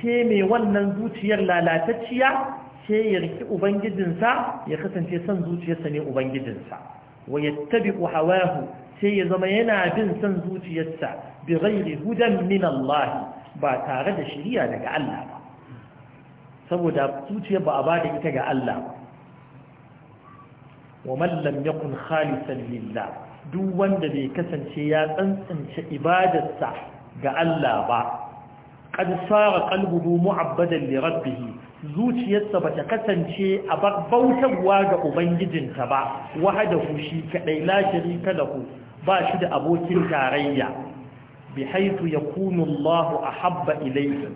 ce mai wannan zuciyar lalatacciya sai ya riki ubangijinsa ya kasance son zuciyarsa ne ubangijinsa wa yattabi'u hawahu sai ya zama yana bin san zuciyarsa bi ghairi hudan min Allah ba tare da shiriya daga Allah ba saboda zuciya ba a ba da ita ga Allah ba wa man lam yakun khalisan lillah duk wanda bai kasance ya tsantsance ibadarsa ga Allah ba qad sara qalbuhu mu'abbadan li rabbihi zuciyarsa ba ta kasance a bautarwa ga ubangijinta ba wahada ku shi kaɗai la sharika ba shi da abokin tarayya bi haitu yakunu a habba ilayhi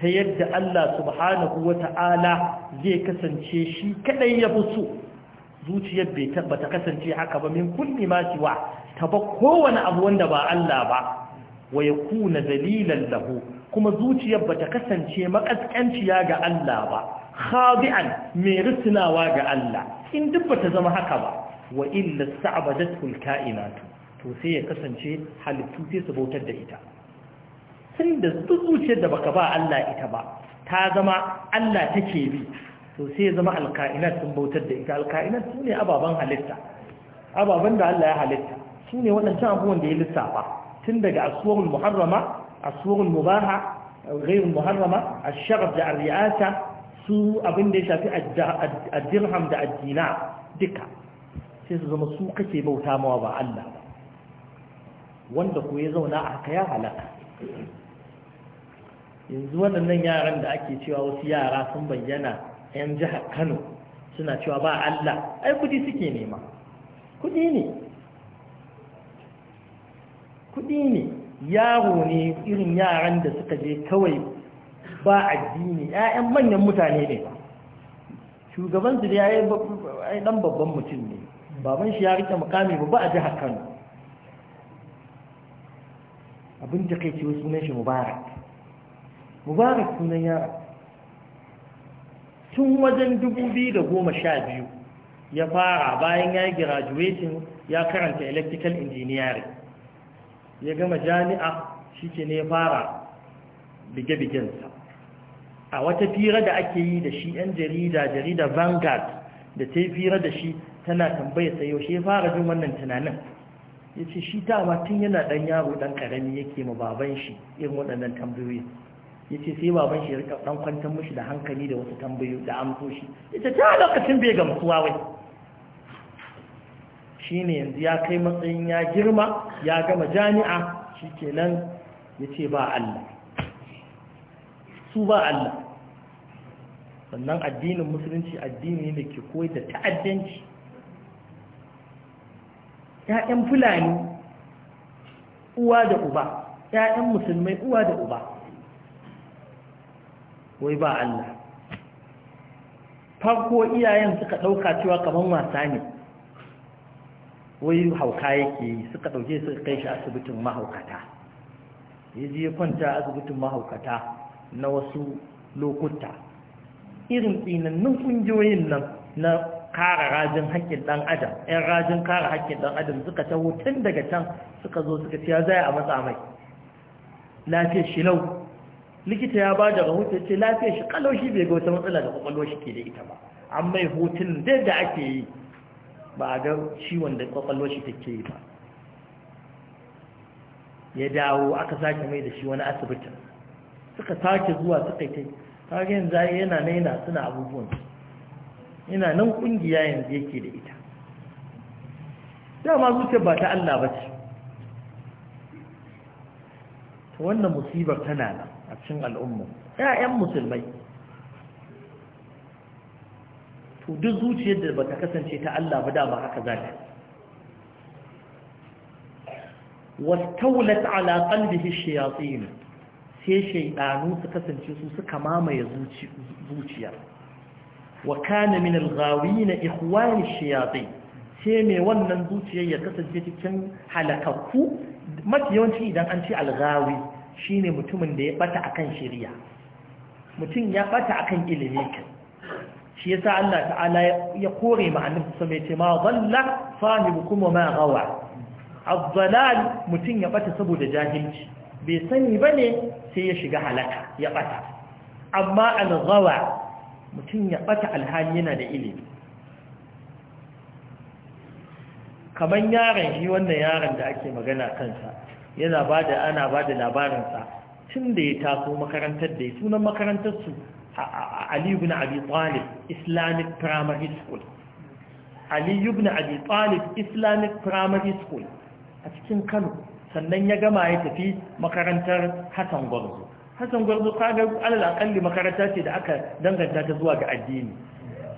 ta yadda Allah subhanahu Ta'ala zai kasance shi kaɗai ya fi so zuciyar bai ba ta kasance haka ba min kulli ma siwa ta ba kowane abu wanda ba Allah ba wa ya kuna dalilan lahu kuma zuciyar bata kasance makaskanciya ga Allah ba Khabi'an mai rutunawa ga Allah in duk bata zama haka ba wa illa sa'abadatul kainatu to sai ya kasance halittu sai su bautar da ita sun da zuciyar da baka ba Allah ita ba ta zama Allah take bi to sai ya zama alka'inat sun bautar da ita alka'inat su ne ababen halitta ababen da Allah ya halitta su ne waɗancan abubuwan da ya lissafa tun daga asuwarul muharrama الصور المباحة غير المحرمة الشغف ده الرئاسة su abin da ya shafi a da addina duka sai su zama su kake bauta mawa ba Allah ba wanda ku ya zauna a haka ya halaka yanzu waɗannan yaran da ake cewa wasu yara sun bayyana 'yan jihar Kano suna cewa ba Allah ai suke nema ne yaro ne irin yaran da suka je kawai ba addini ‘ya'yan manyan mutane ne shugabansu da ya yi ɗan babban mutum ne baban shi ya rike makami ba a jihar kano abin da kai ciwo sunan shi mubarak mubarak sunan yara tun wajen 2012 ya fara bayan ya yi graduating ya karanta electrical engineering ya gama jami'a shi ke ne fara bige-bigensa a wata fira da ake yi da shi 'yan jarida jarida vanguard da ta yi fira da shi tana tambaya sai ya fara jin wannan tunanin ya ce shi ta matin yana ɗan yaro dan karami yake ma baban shi irin waɗannan tambayoyi ya ce sai baban shi ya rika ɗan kwantar mashi da hankali da wasu tambayoyi da amsoshi ya ce ta lokacin bai gamsuwa wai shine yanzu ya kai matsayin ya girma ya gama jami'a shikenan yace ba Allah su ba Allah sannan addinin musulunci addini ne da ke koyi da ta'addanci ‘ya'yan fulani uwa da uba ‘ya'yan musulmai uwa da uba wai ba Allah farko iyayen suka ɗauka cewa kamar wasa ne wai hauka yake suka ɗauke su kai shi asibitin mahaukata ya je kwanta asibitin mahaukata na wasu lokuta irin tsinannin ƙungiyoyin nan na kara rajin haƙƙin ɗan adam ‘yan rajin kara haƙƙin ɗan adam suka ta hutun daga can suka zo suka ciya zai a matsa mai lafiyar shi lau likita ya ba da rahoto ce lafiyar shi kalau bai ga wata matsala da kwakwalwa shi ke da ita ba an mai hutun da ake yi ba a ga ciwon da kwakwalwar shi take yi ba ya dawo aka sake mai da shi wani asibitin suka sake zuwa suka yi kaga yanzu yana na yana suna abubuwan yana nan kungiya yanzu yake da ita dama zuciyar ba ta Allah ba ce wannan musibar tana nan a cikin al'umma yayan musulmai to duk zuciyar da bata kasance ta Allah ba dama haka zaka wastawlat ala qalbihi shayatin sai shaydanu su kasance su suka mamaye zuciya wa kana min al-ghawin ikhwan ash-shayatin sai mai wannan zuciyar ya kasance cikin halakakku mafi yawanci idan an ce al-ghawi shine mutumin da ya bata akan shari'a mutum ya bata akan ilimi kai shi yasa Allah ta'ala ya kore ma annabi sama yace ma dalla fahimu kuma ma gawa az-zalal mutun ya bata saboda jahilci bai sani bane sai ya shiga halaka ya bata amma al-gawa mutun ya bata alhali yana da ilimi Kamar yaron shi wannan yaron da ake magana kansa yana bada ana bada labarin sa tun da ya taso makarantar da ya sunan makarantar su Ali ibn Abi Talib Islamic Primary School Ali ibn Abi Talib Islamic Primary School a cikin Kano sannan ya gama ya tafi makarantar Hassan Gwarzo Hassan Gwarzo kaga alal akalli makaranta ce da aka danganta ta zuwa ga addini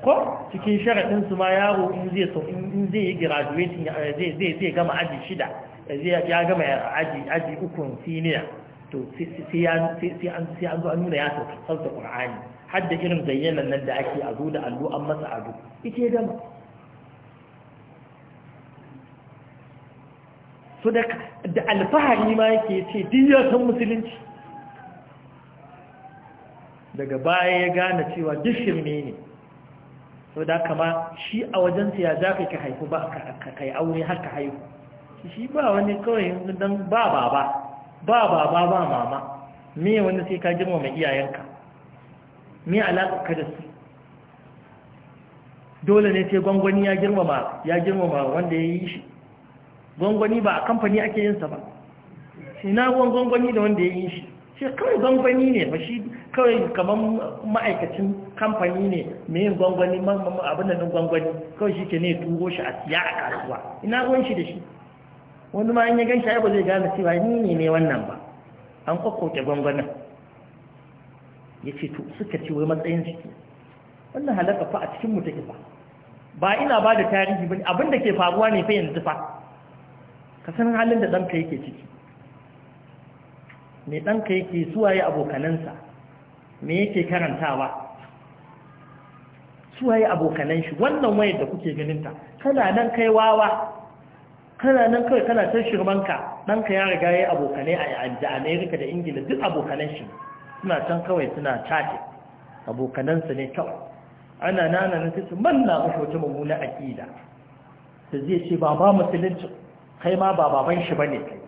ko cikin sharadin su ma yaro in zai so in zai yi graduating eh, zai zai gama aji shida eh, zai ya gama aji aji ukun senior to sai an zo an nuna ya sauta ƙur'ani har da irin zayyanan nan da ake a zo da allo an masa abu. ike gama so da alfahari ma yake ce duk san musulunci daga baya ya gane cewa duk ne ne so da kama shi a wajensa ya za ka haifu ba ka kai aure haka haihu shi ba wani kawai don ba ba ba ba baba ba mama me wanda sai ka girma mai iyayenka me alaƙa ka da su dole ne sai gwangwani ya girmama ya girmama wanda ya yi shi gwangwani ba a kamfani ake yinsa ba sai na ruwan gwangwani da wanda ya yi shi sai kawai gwangwani ne ba shi kawai kamar ma'aikacin kamfani ne mai yin gwangwani abin da gwangwani kawai shi ke ne turo shi a siya a kasuwa ina ruwan shi da shi wani ma in ya gan shi ba zai gane cewa ni ne ne wannan ba an kwakwauke gwangwanin ya ce to suka ce wai matsayin ciki wannan halaka fa a cikin mu take fa ba ina ba da tarihi ba abin da ke faruwa ne fa yanzu fa ka san halin da ɗanka yake ciki me ɗanka yake suwaye abokanansa me yake karantawa suwaye abokanan shi wannan wayar da kuke ganinta kana nan kai wawa kana nan kawai kana ta shirmanka ɗanka ya riga ya abokanai a amerika da ingila duk abokanan shi suna can kawai suna cati abokanansa ne kawai ana nana na sai su manna mashi wata mummuna aƙida da zai ce ba ba musulunci kai ma ba baban shi ba ne kai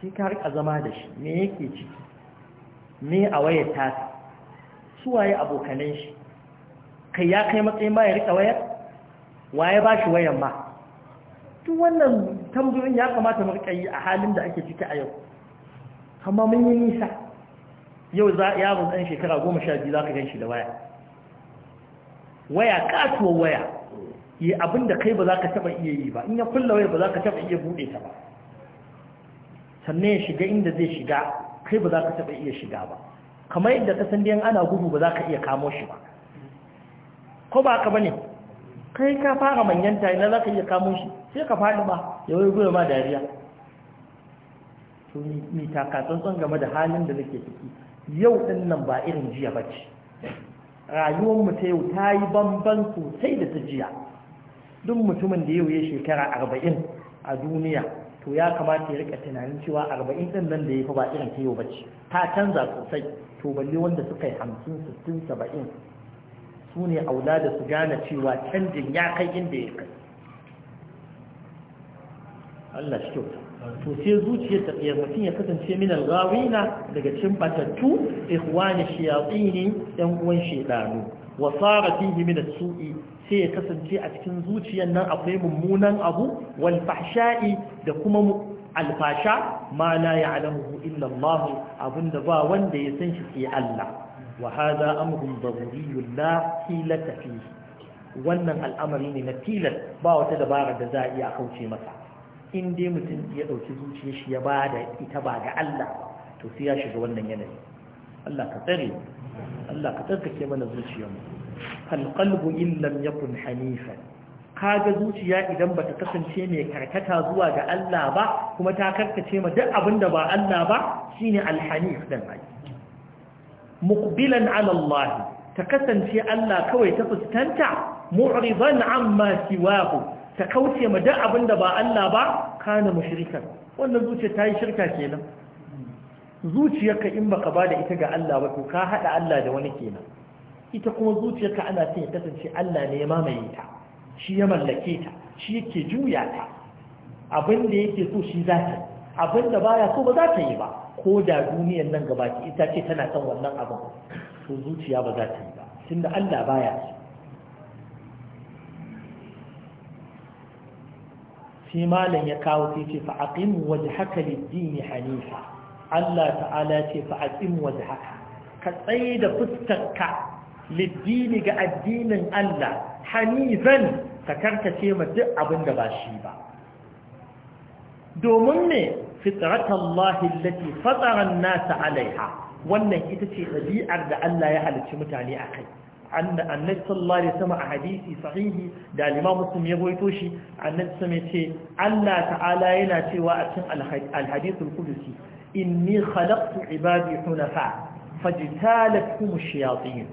sai ka rika zama da shi me yake ciki me a wayar tasa su waye abokanan shi kai ya kai matsayin ba ya rika wayar waye ba shi wayan ma Tun wannan tambayoyin ya kamata mu rika yi a halin da ake ciki a yau amma mun yi nisa yau za yaro dan shekara goma sha biyu za ka ganshi da waya waya katuwar waya yi abin kai ba za ka taɓa iya yi ba in ya kulla waya ba za ka taɓa iya buɗe ta ba sannan ya shiga inda zai shiga kai ba za ka taɓa iya shiga ba kamar yadda ka san ana gudu ba za ka iya kamo shi ba ko ba haka ba ne kai ka fara manyanta ina za ka iya kamo shi sai ka faɗi ba ya wai ma dariya to ni takatsantsan game da halin da nake ciki yau ɗin nan ba irin jiya ba ce rayuwarmu ta yau ta yi bamban sosai da ta jiya duk mutumin da yau ya shekara arba'in a duniya to ya kamata ya rika tunanin cewa arba'in ɗin nan da ya fi ba irin ta yau ba ce ta canza sosai to balle wanda suka yi hamsin sittin saba'in su ne aula su gane cewa canjin ya kai inda ya kai Allah shi kyauta to sai zuciyar ta tsayar mutum ya kasance min algawina daga cikin batattu ikhwani shayatin yan uwan shedanu wa sara fihi min as-su'i sai ya kasance a cikin zuciyar nan akwai mummunan abu wal fahsha'i da kuma alfasha ma la ya'lamuhu illallahu Allah da ba wanda ya san shi Allah وهذا أمر ضروري لا حيلة فيه wannan al'amari ne na tilas ba wata dabara da za a iya kauce masa in dai mutum ya ɗauki zuciyar shi ya ba da ita ba ga Allah to sai ya shiga wannan yanayi Allah ka tsare Allah ka tsarkake mana zuciyar mu fal qalbu in lam yakun hanifan kaga zuciya idan bata kasance mai karkata zuwa ga Allah ba kuma ta karkace ma duk abinda ba Allah ba shine al hanif dan ai muqbilan alallahi Allah ta kasance Allah kawai ta fuskanta mu'ridan amma siwahu ta kauce ma duk abinda ba Allah ba kana mushrikan wannan zuciya ta yi shirka kenan zuciyarka in baka bada ita ga Allah ba to ka hada Allah da wani kenan ita kuma zuciyarka ana son ya kasance Allah ne ya mamaye ta shi ya mallake ta shi yake juya ta abin da yake so shi za ta abin da baya so ba za ta yi ba ko da duniyar nan gabaki ita ce tana son wannan abin to zuciya ba za ta yi ba tunda Allah baya so shi malam ya kawo sai ce fa aqim wajhaka lid hanifa Allah ta'ala ce fa aqim wajhaka ka tsaye da fuskarka lid ga addinin Allah hanifan ka karkace ma duk abin da ba shi ba domin ne فطرة الله التي فطر الناس alayha wannan ita ce ɗabi'ar da Allah ya halicci mutane a kai annabi sallallahu alaihi wasallam a hadisi sahihi da Imam Muslim ya goyito shi annabi sallallahu alaihi ce Allah ta'ala yana cewa a cikin al-hadith al-qudsi inni khalaqtu ibadi hunafa fajtalathum ash-shayatin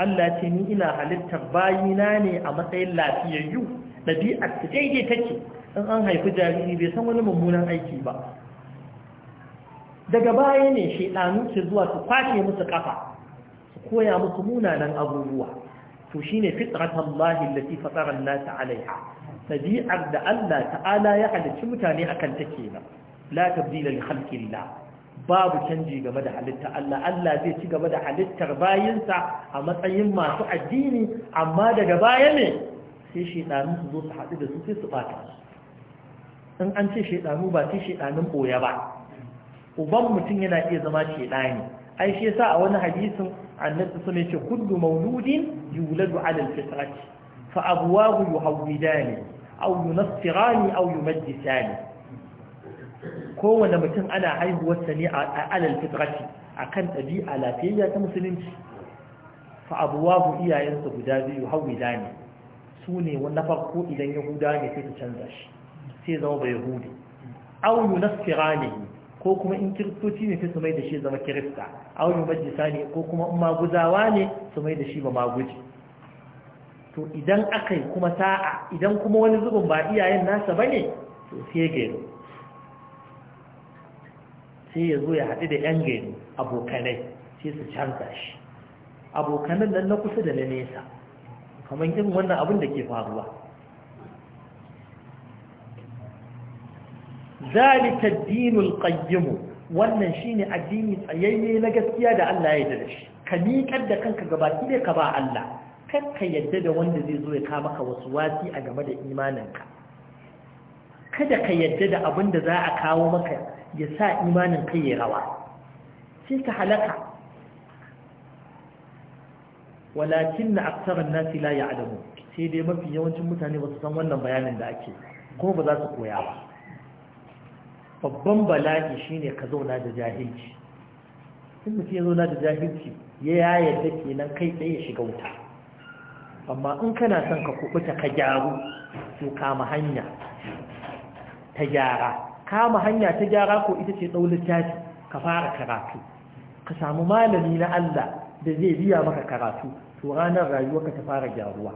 Allah ce ni ina halittar bayina ne a matsayin lafiyayyu ɗabi'ar ta daidai take in an haifi jariri bai san wani mummunan aiki ba daga baya ne shaidanu ke zuwa su kwace musu kafa su koya musu munanan abubuwa to shine fitratan lahi allati fatara an-nas alaiha. tabi'ar da Allah ta'ala ya halicci mutane akan ta kenan la tabdila li khalqillah babu canji game da halitta Allah Allah zai ci gaba da halittar bayinsa a matsayin masu addini amma daga baya ne sai shaidanu su zo su haɗu da su sai su ɓata su in an ce shaidanu ba ce shaidanun boye ba uban mutum yana iya zama shaidani ai shi yasa a wani hadisin annabi sun ce kullu mauludin yuladu ala alfitrati fa abwahu yuhawidani aw yunassirani aw yumajjisani kowane mutum ana haihuwarsa ne a alal fitrati akan ɗabi'a lafiyayya ta musulunci fa abuwahu iyayensa guda biyu hawidani su ne na farko idan yahuda ne sai ta canza shi sai zama ba yahudi au yi nasira ko kuma in kiristoci ne sai su mai da shi zama kirista au yi majisa ne ko kuma in maguzawa ne su mai da shi ba maguji to idan aka yi kuma sa'a idan kuma wani zubin ba iyayen nasa ba ne to sai gero sai ya zo ya haɗu da 'yan gero abokanai sai su canza shi abokanan nan na kusa da na nesa kamar irin wannan abin da ke faruwa ذلك الدين القيم wannan shine addini tsayayye na gaskiya da Allah ya yarda shi ka miƙar da kanka gabaki dai ka ba Allah kar ka yarda da wanda zai zo ya ka maka wasu wasi a game da imaninka kada ka yarda da abin da za a kawo maka ya sa imanin kai ya rawa sai ka halaka walakin na nasi la ya adamu sai dai mafi yawancin mutane ba su san wannan bayanin da ake ko ba za su koya ba babban bala'i shine ka zauna da jahilci in mutum ya zauna da jahilci ya yaya da nan kai tsaye shiga wuta amma in kana son ka kubuta ka gyaru to kama hanya ta gyara kama hanya ta gyara ko ita ce ɗau ka fara karatu ka samu malami na Allah da zai biya maka karatu to ranar rayuwa ka ta fara gyaruwa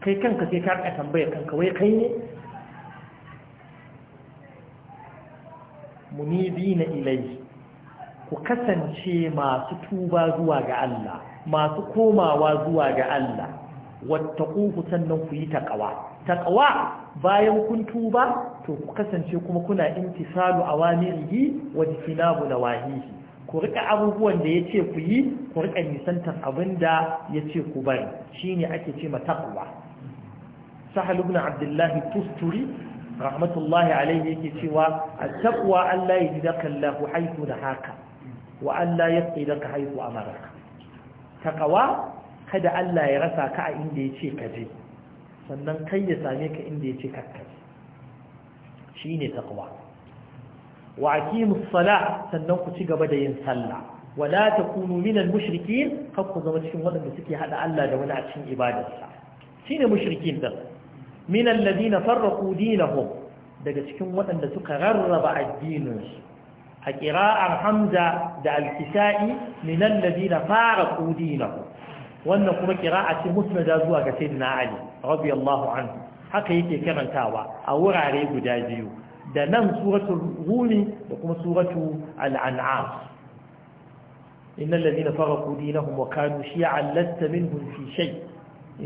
kai kanka sai ka tambaya kanka wai kai ne munibina ilai ku kasance masu tuba zuwa ga Allah masu komawa zuwa ga Allah wata wattaquhu sannan ku yi taƙawa taqwa bayan kun tuba to ku kasance kuma kuna imtisalu awamirihi wa na wahihi ku rika abubuwan da yace ku yi ku rika nisantar abinda ce ku bari shine ake ce ma taqwa sahal ibn Abdullahi tusturi rahmatullahi alaihi yake cewa at-taqwa an la yajidaka Allahu da haka, wa Allah ya an la yaqidaka haythu amaraka Takawa kada Allah ya rasa ka a inda ya ce kaje, sannan kai ya same ka inda yace ka ka shine taqwa wa aqimus salah sannan ku ci gaba da yin sallah ولا تكونوا من المشركين فقط zama cikin waɗanda suke haɗa Allah da wani a cikin ibadarsa ne mushrikin da min alladhina farraqu dinahum daga cikin waɗanda suka rarraba addininsu a ƙira'ar hamza da alkisa'i minan alladhina farraqu dinahum wannan kuma ƙira'a ce musnada zuwa ga na ali radiyallahu anhu haka yake karantawa a wurare guda biyu da nan suratu rumi da kuma suratul al'an'am إن الذين فرقوا دينهم وكانوا شيعا لست منهم في شيء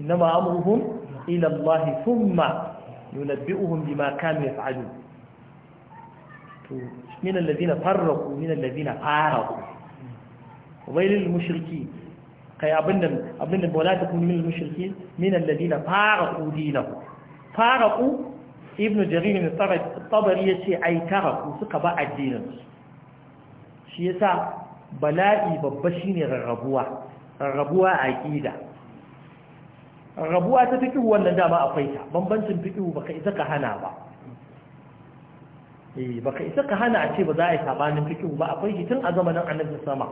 إنما أمرهم ila Allah thumma yunabbi'uhum bima kanu yaf'alun to min alladhina farraqu min alladhina faraqu wailil mushrikeen kay abinda abinda bola ta kun min mushrikeen min alladhina faraqu dinahum faraqu ibn jarir min tabari yace ay taraku suka ba addinin shi yasa bala'i babba shine rarrabuwa rarrabuwa aqida rabuwa ta fiƙihu wannan dama akwai ta bambancin fiƙihu baka isa ka hana ba eh baka isa ka hana a ce ba za a yi sabanin fiƙihu ba akwai shi tun a zamanin annabi sama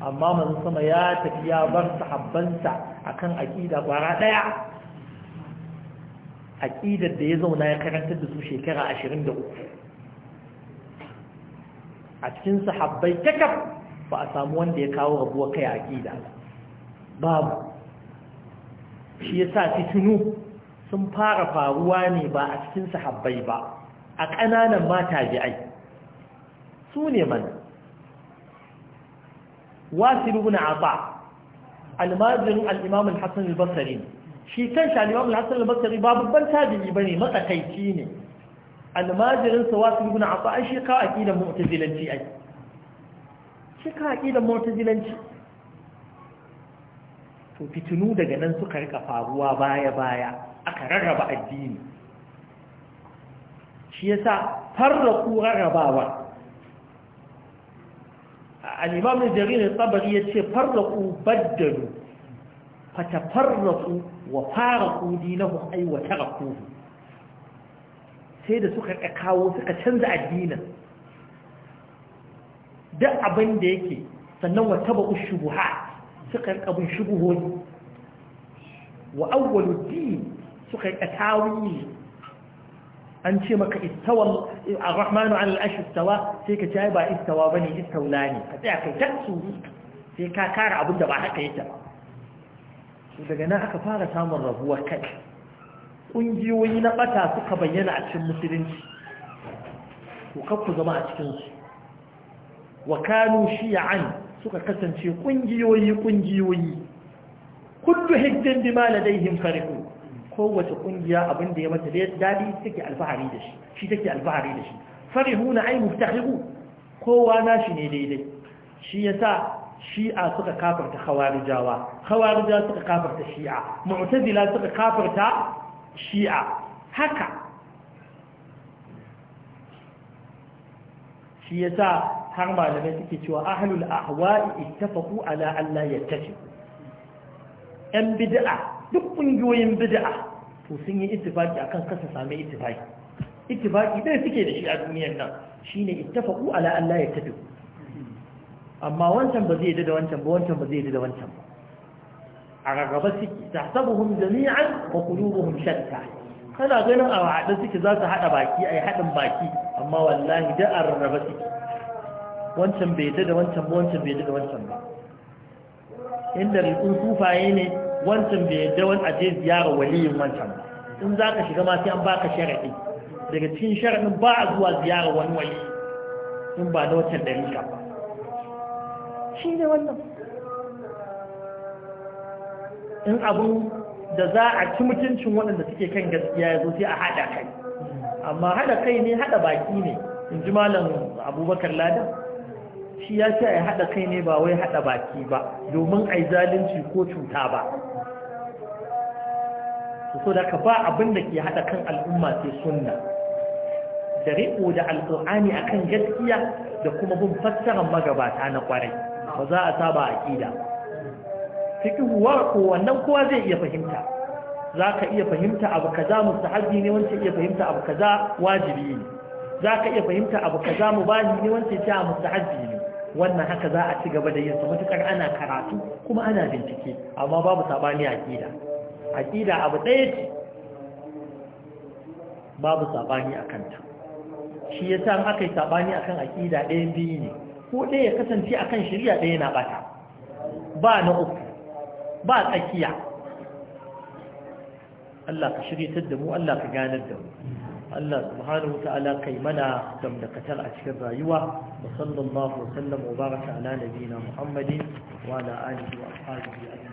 amma manzo sama ya tafi ya bar sahabbansa akan aqida kwara daya aqidar da ya zauna ya karanta da su shekara 23 a cikin sahabbai takaf ba a samu wanda ya kawo rabuwa kai aqida babu shi yasa fitinu sun fara faruwa ne ba a cikin sahabbai ba a ƙananan mata ji'ai su ne man wasu rubuna a ba almajirin al'imamun hassan al-basari shi kan shi al'imamun hassan al-basari ba babban tabi'i ba ne matsakaici ne almajirinsa wasu rubuna a ba a shi kawo aƙidan mu'tazilanci ai shi kawo aƙidan mu'tazilanci to fitinu daga nan suka rika faruwa baya-baya aka rarraba addini shi yasa farraku rarrabawa al'imam jarir tsabari ya ce farraku baddalu fata farraku wa faraku dinahun aiwata raku sai da suka kawo suka canza addinin duk abin da yake sannan wata ba'u shubuhat سكر أبو شبهون وأول الدين سكر أتاوي أنتي ما استوى الرحمن على العرش استوى فيك جايبا استوى بني استولاني فتعك تأسو فيك كار أبو دبا حقا يتبع وإذا قلنا حقا فارة سامر ربوة كك ونجي وينا قتا سكا بينا عشان مسلين وكفو زماعة كنسي وكانوا شيعا suka kasance kungiyoyi kungiyoyi kullu hiddin bima ladaihim farihu kowace kungiya abin da ya mata dadi take alfahari da shi shi take alfahari da shi farihuna ay kowa nashi ne daidai shi yasa shi'a suka kafarta khawarijawa khawarija suka kafarta shi'a mu'tazila suka kafarta shi'a haka shi yasa har malamai suke cewa ahlul ahwa'i ittafaqu ala alla yattafi yan bid'a duk kungiyoyin bid'a to sun yi ittifaki akan kasa same ittifaki ittifaki dai suke da shi a duniyar nan shine ittafaqu ala alla yattafi amma wancan ba zai da wancan ba wancan ba zai da wancan ba a ragaba suke tahsabuhum jami'an wa qulubuhum shatta kana ganin a haɗe suke za su haɗa baki ai haɗin baki amma wallahi da a suke wancan bai da wancan ba wancan bai da wancan ba inda rikun sufaye ne wancan bai yadda wani aje ziyara waliyin wancan ba in za ka shiga ma sai an baka sharaɗi daga cikin sharaɗin ba a zuwa ziyara wani wali in ba na wancan ka ba shi ne wannan in abin da za a ci mutuncin waɗanda suke kan gaskiya ya zo sai a haɗa kai amma haɗa kai ne haɗa baki ne in ji malam abubakar ladan shi ya ce a haɗa kai ne ba wai haɗa baki ba domin a yi zalunci ko cuta ba so da ka ba abin da ke haɗa kan al'umma sai sunna da riƙo da alƙur'ani a kan gaskiya da kuma bin fassarar magabata na ƙwarai ba za a saba a ƙida fiƙihuwa ko wannan kowa zai iya fahimta za ka iya fahimta abu kaza mustahabbi ne wancan iya fahimta abu kaza wajibi ne za ka iya fahimta abu kaza mubahi ne wanda ya ce mustahabbi ne wannan haka za a ci gaba da yinsa matukar ana karatu kuma ana bincike amma babu sabani A aqida abu ɗaya ce babu sabani a kanta. shi yasa in aka yi sabani akan aqida ɗaya biyu ne ko ɗaya ya kasance akan shari'a ɗaya na bata ba na uku ba tsakiya Allah ka shirya shirye da mu Allah ka ganar da mu Allah subhanahu wa ta'ala kai mana gamdakatar a cikin rayuwa wa sallallahu wa sallam wa baraka ala nabiyina Muhammadin wa ala alihi wa ashabihi